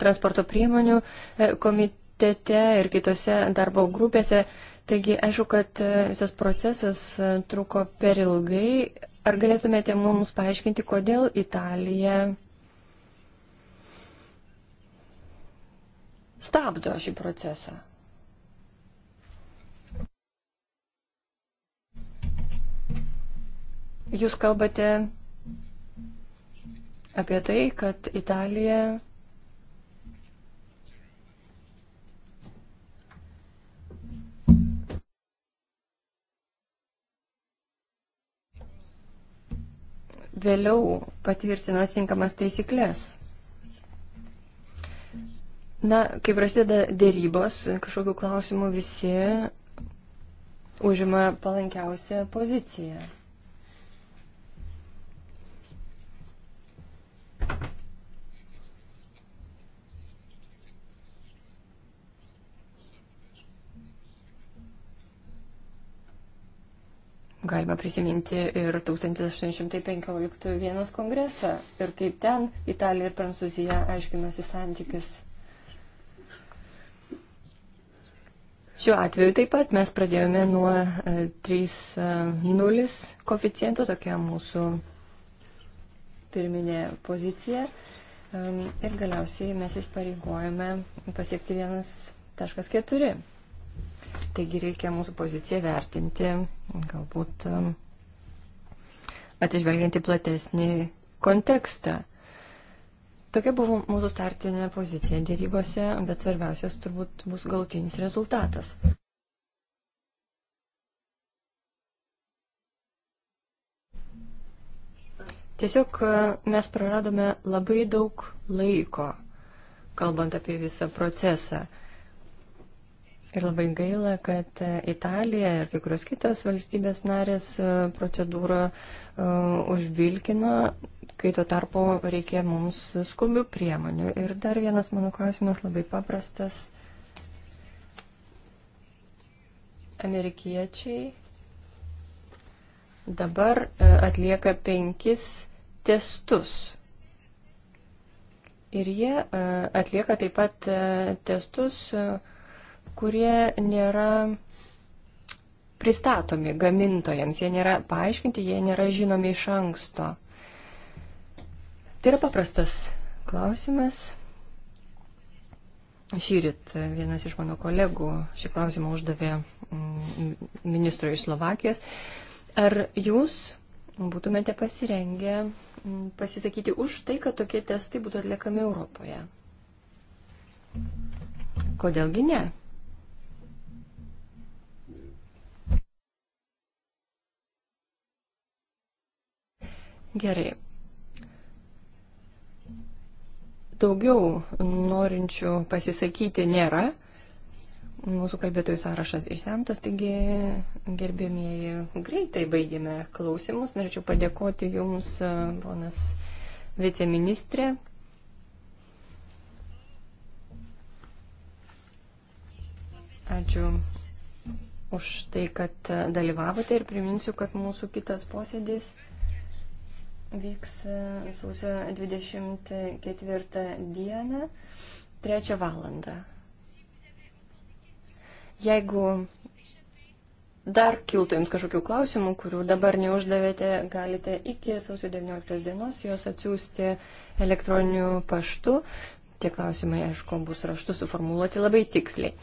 transporto priemonių e, komitete ir kitose darbo grupėse. Taigi, aišku, kad e, visas procesas e, truko per ilgai. Ar galėtumėte mums paaiškinti, kodėl Italija stabdo šį procesą? Jūs kalbate apie tai, kad Italija vėliau patvirtino tinkamas taisyklės. Na, kai prasideda dėrybos, kažkokiu klausimu visi užima palankiausią poziciją. Galima prisiminti ir 1815 vienos kongresą ir kaip ten Italija ir Prancūzija aiškinosi santykius. Šiuo atveju taip pat mes pradėjome nuo 3.0 e, e, koficiento, tokia mūsų pirminė pozicija. E, ir galiausiai mes įsipareigojame pasiekti 1.4. Taigi reikia mūsų poziciją vertinti, galbūt um, atsižvelgianti platesnį kontekstą. Tokia buvo mūsų startinė pozicija dėrybose, bet svarbiausias turbūt bus galutinis rezultatas. Tiesiog uh, mes praradome labai daug laiko, kalbant apie visą procesą. Ir labai gaila, kad e, Italija ir kai kurios kitos valstybės narės e, procedūrą e, užvilkino, kai tuo tarpu reikia mums skubių priemonių. Ir dar vienas mano klausimas labai paprastas. Amerikiečiai dabar atlieka penkis testus Ir jie atlieka taip pat testus kurie nėra pristatomi gamintojams, jie nėra paaiškinti, jie nėra žinomi iš anksto. Tai yra paprastas klausimas. Šyrit vienas iš mano kolegų šį klausimą uždavė mm, ministro iš Slovakijos. Ar jūs būtumėte pasirengę mm, pasisakyti už tai, kad tokie testai būtų atliekami Europoje? Kodėlgi ne? Gerai. Daugiau norinčių pasisakyti nėra. Mūsų kalbėtojų sąrašas išsemtas, taigi gerbėmieji greitai baigėme klausimus. Norėčiau padėkoti Jums, ponas viceministrė. Ačiū už tai, kad dalyvavote ir priminsiu, kad mūsų kitas posėdis vyks e, sausio 24 dieną, 3 valandą. Jeigu dar kiltų jums kažkokių klausimų, kurių dabar neuždavėte, galite iki sausio 19 dienos juos atsiųsti elektroniniu paštu. Tie klausimai, aišku, bus raštu suformuoluoti labai tiksliai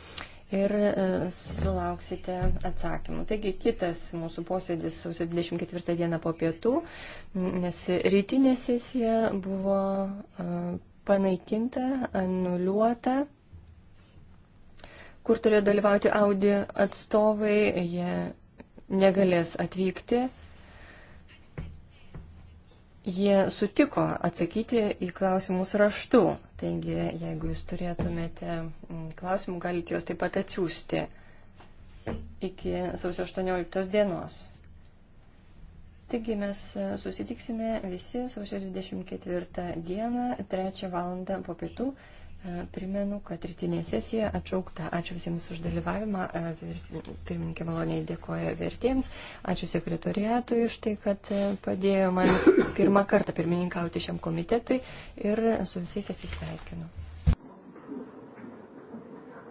ir e, sulauksite atsakymų. Taigi kitas mūsų posėdis sausio 24 dieną po pietų, nes rytinė sesija buvo e, panaikinta, anuliuota kur turėjo dalyvauti Audi atstovai, jie negalės atvykti jie sutiko atsakyti į klausimus raštu. Taigi, jeigu jūs turėtumėte mm, klausimų, galite juos taip pat atsiųsti iki sausio 18 dienos. Taigi mes susitiksime visi sausio 24 dieną, 3 val. po pietų. E, primenu, kad rytinė sesija atšaukta. Ačiū visiems už dalyvavimą. E, pirmininkė maloniai dėkoja vertėms. Ačiū sekretoriatui už tai, kad e, padėjo man pirmą kartą pirmininkauti šiam komitetui ir su visais atsisveikinu.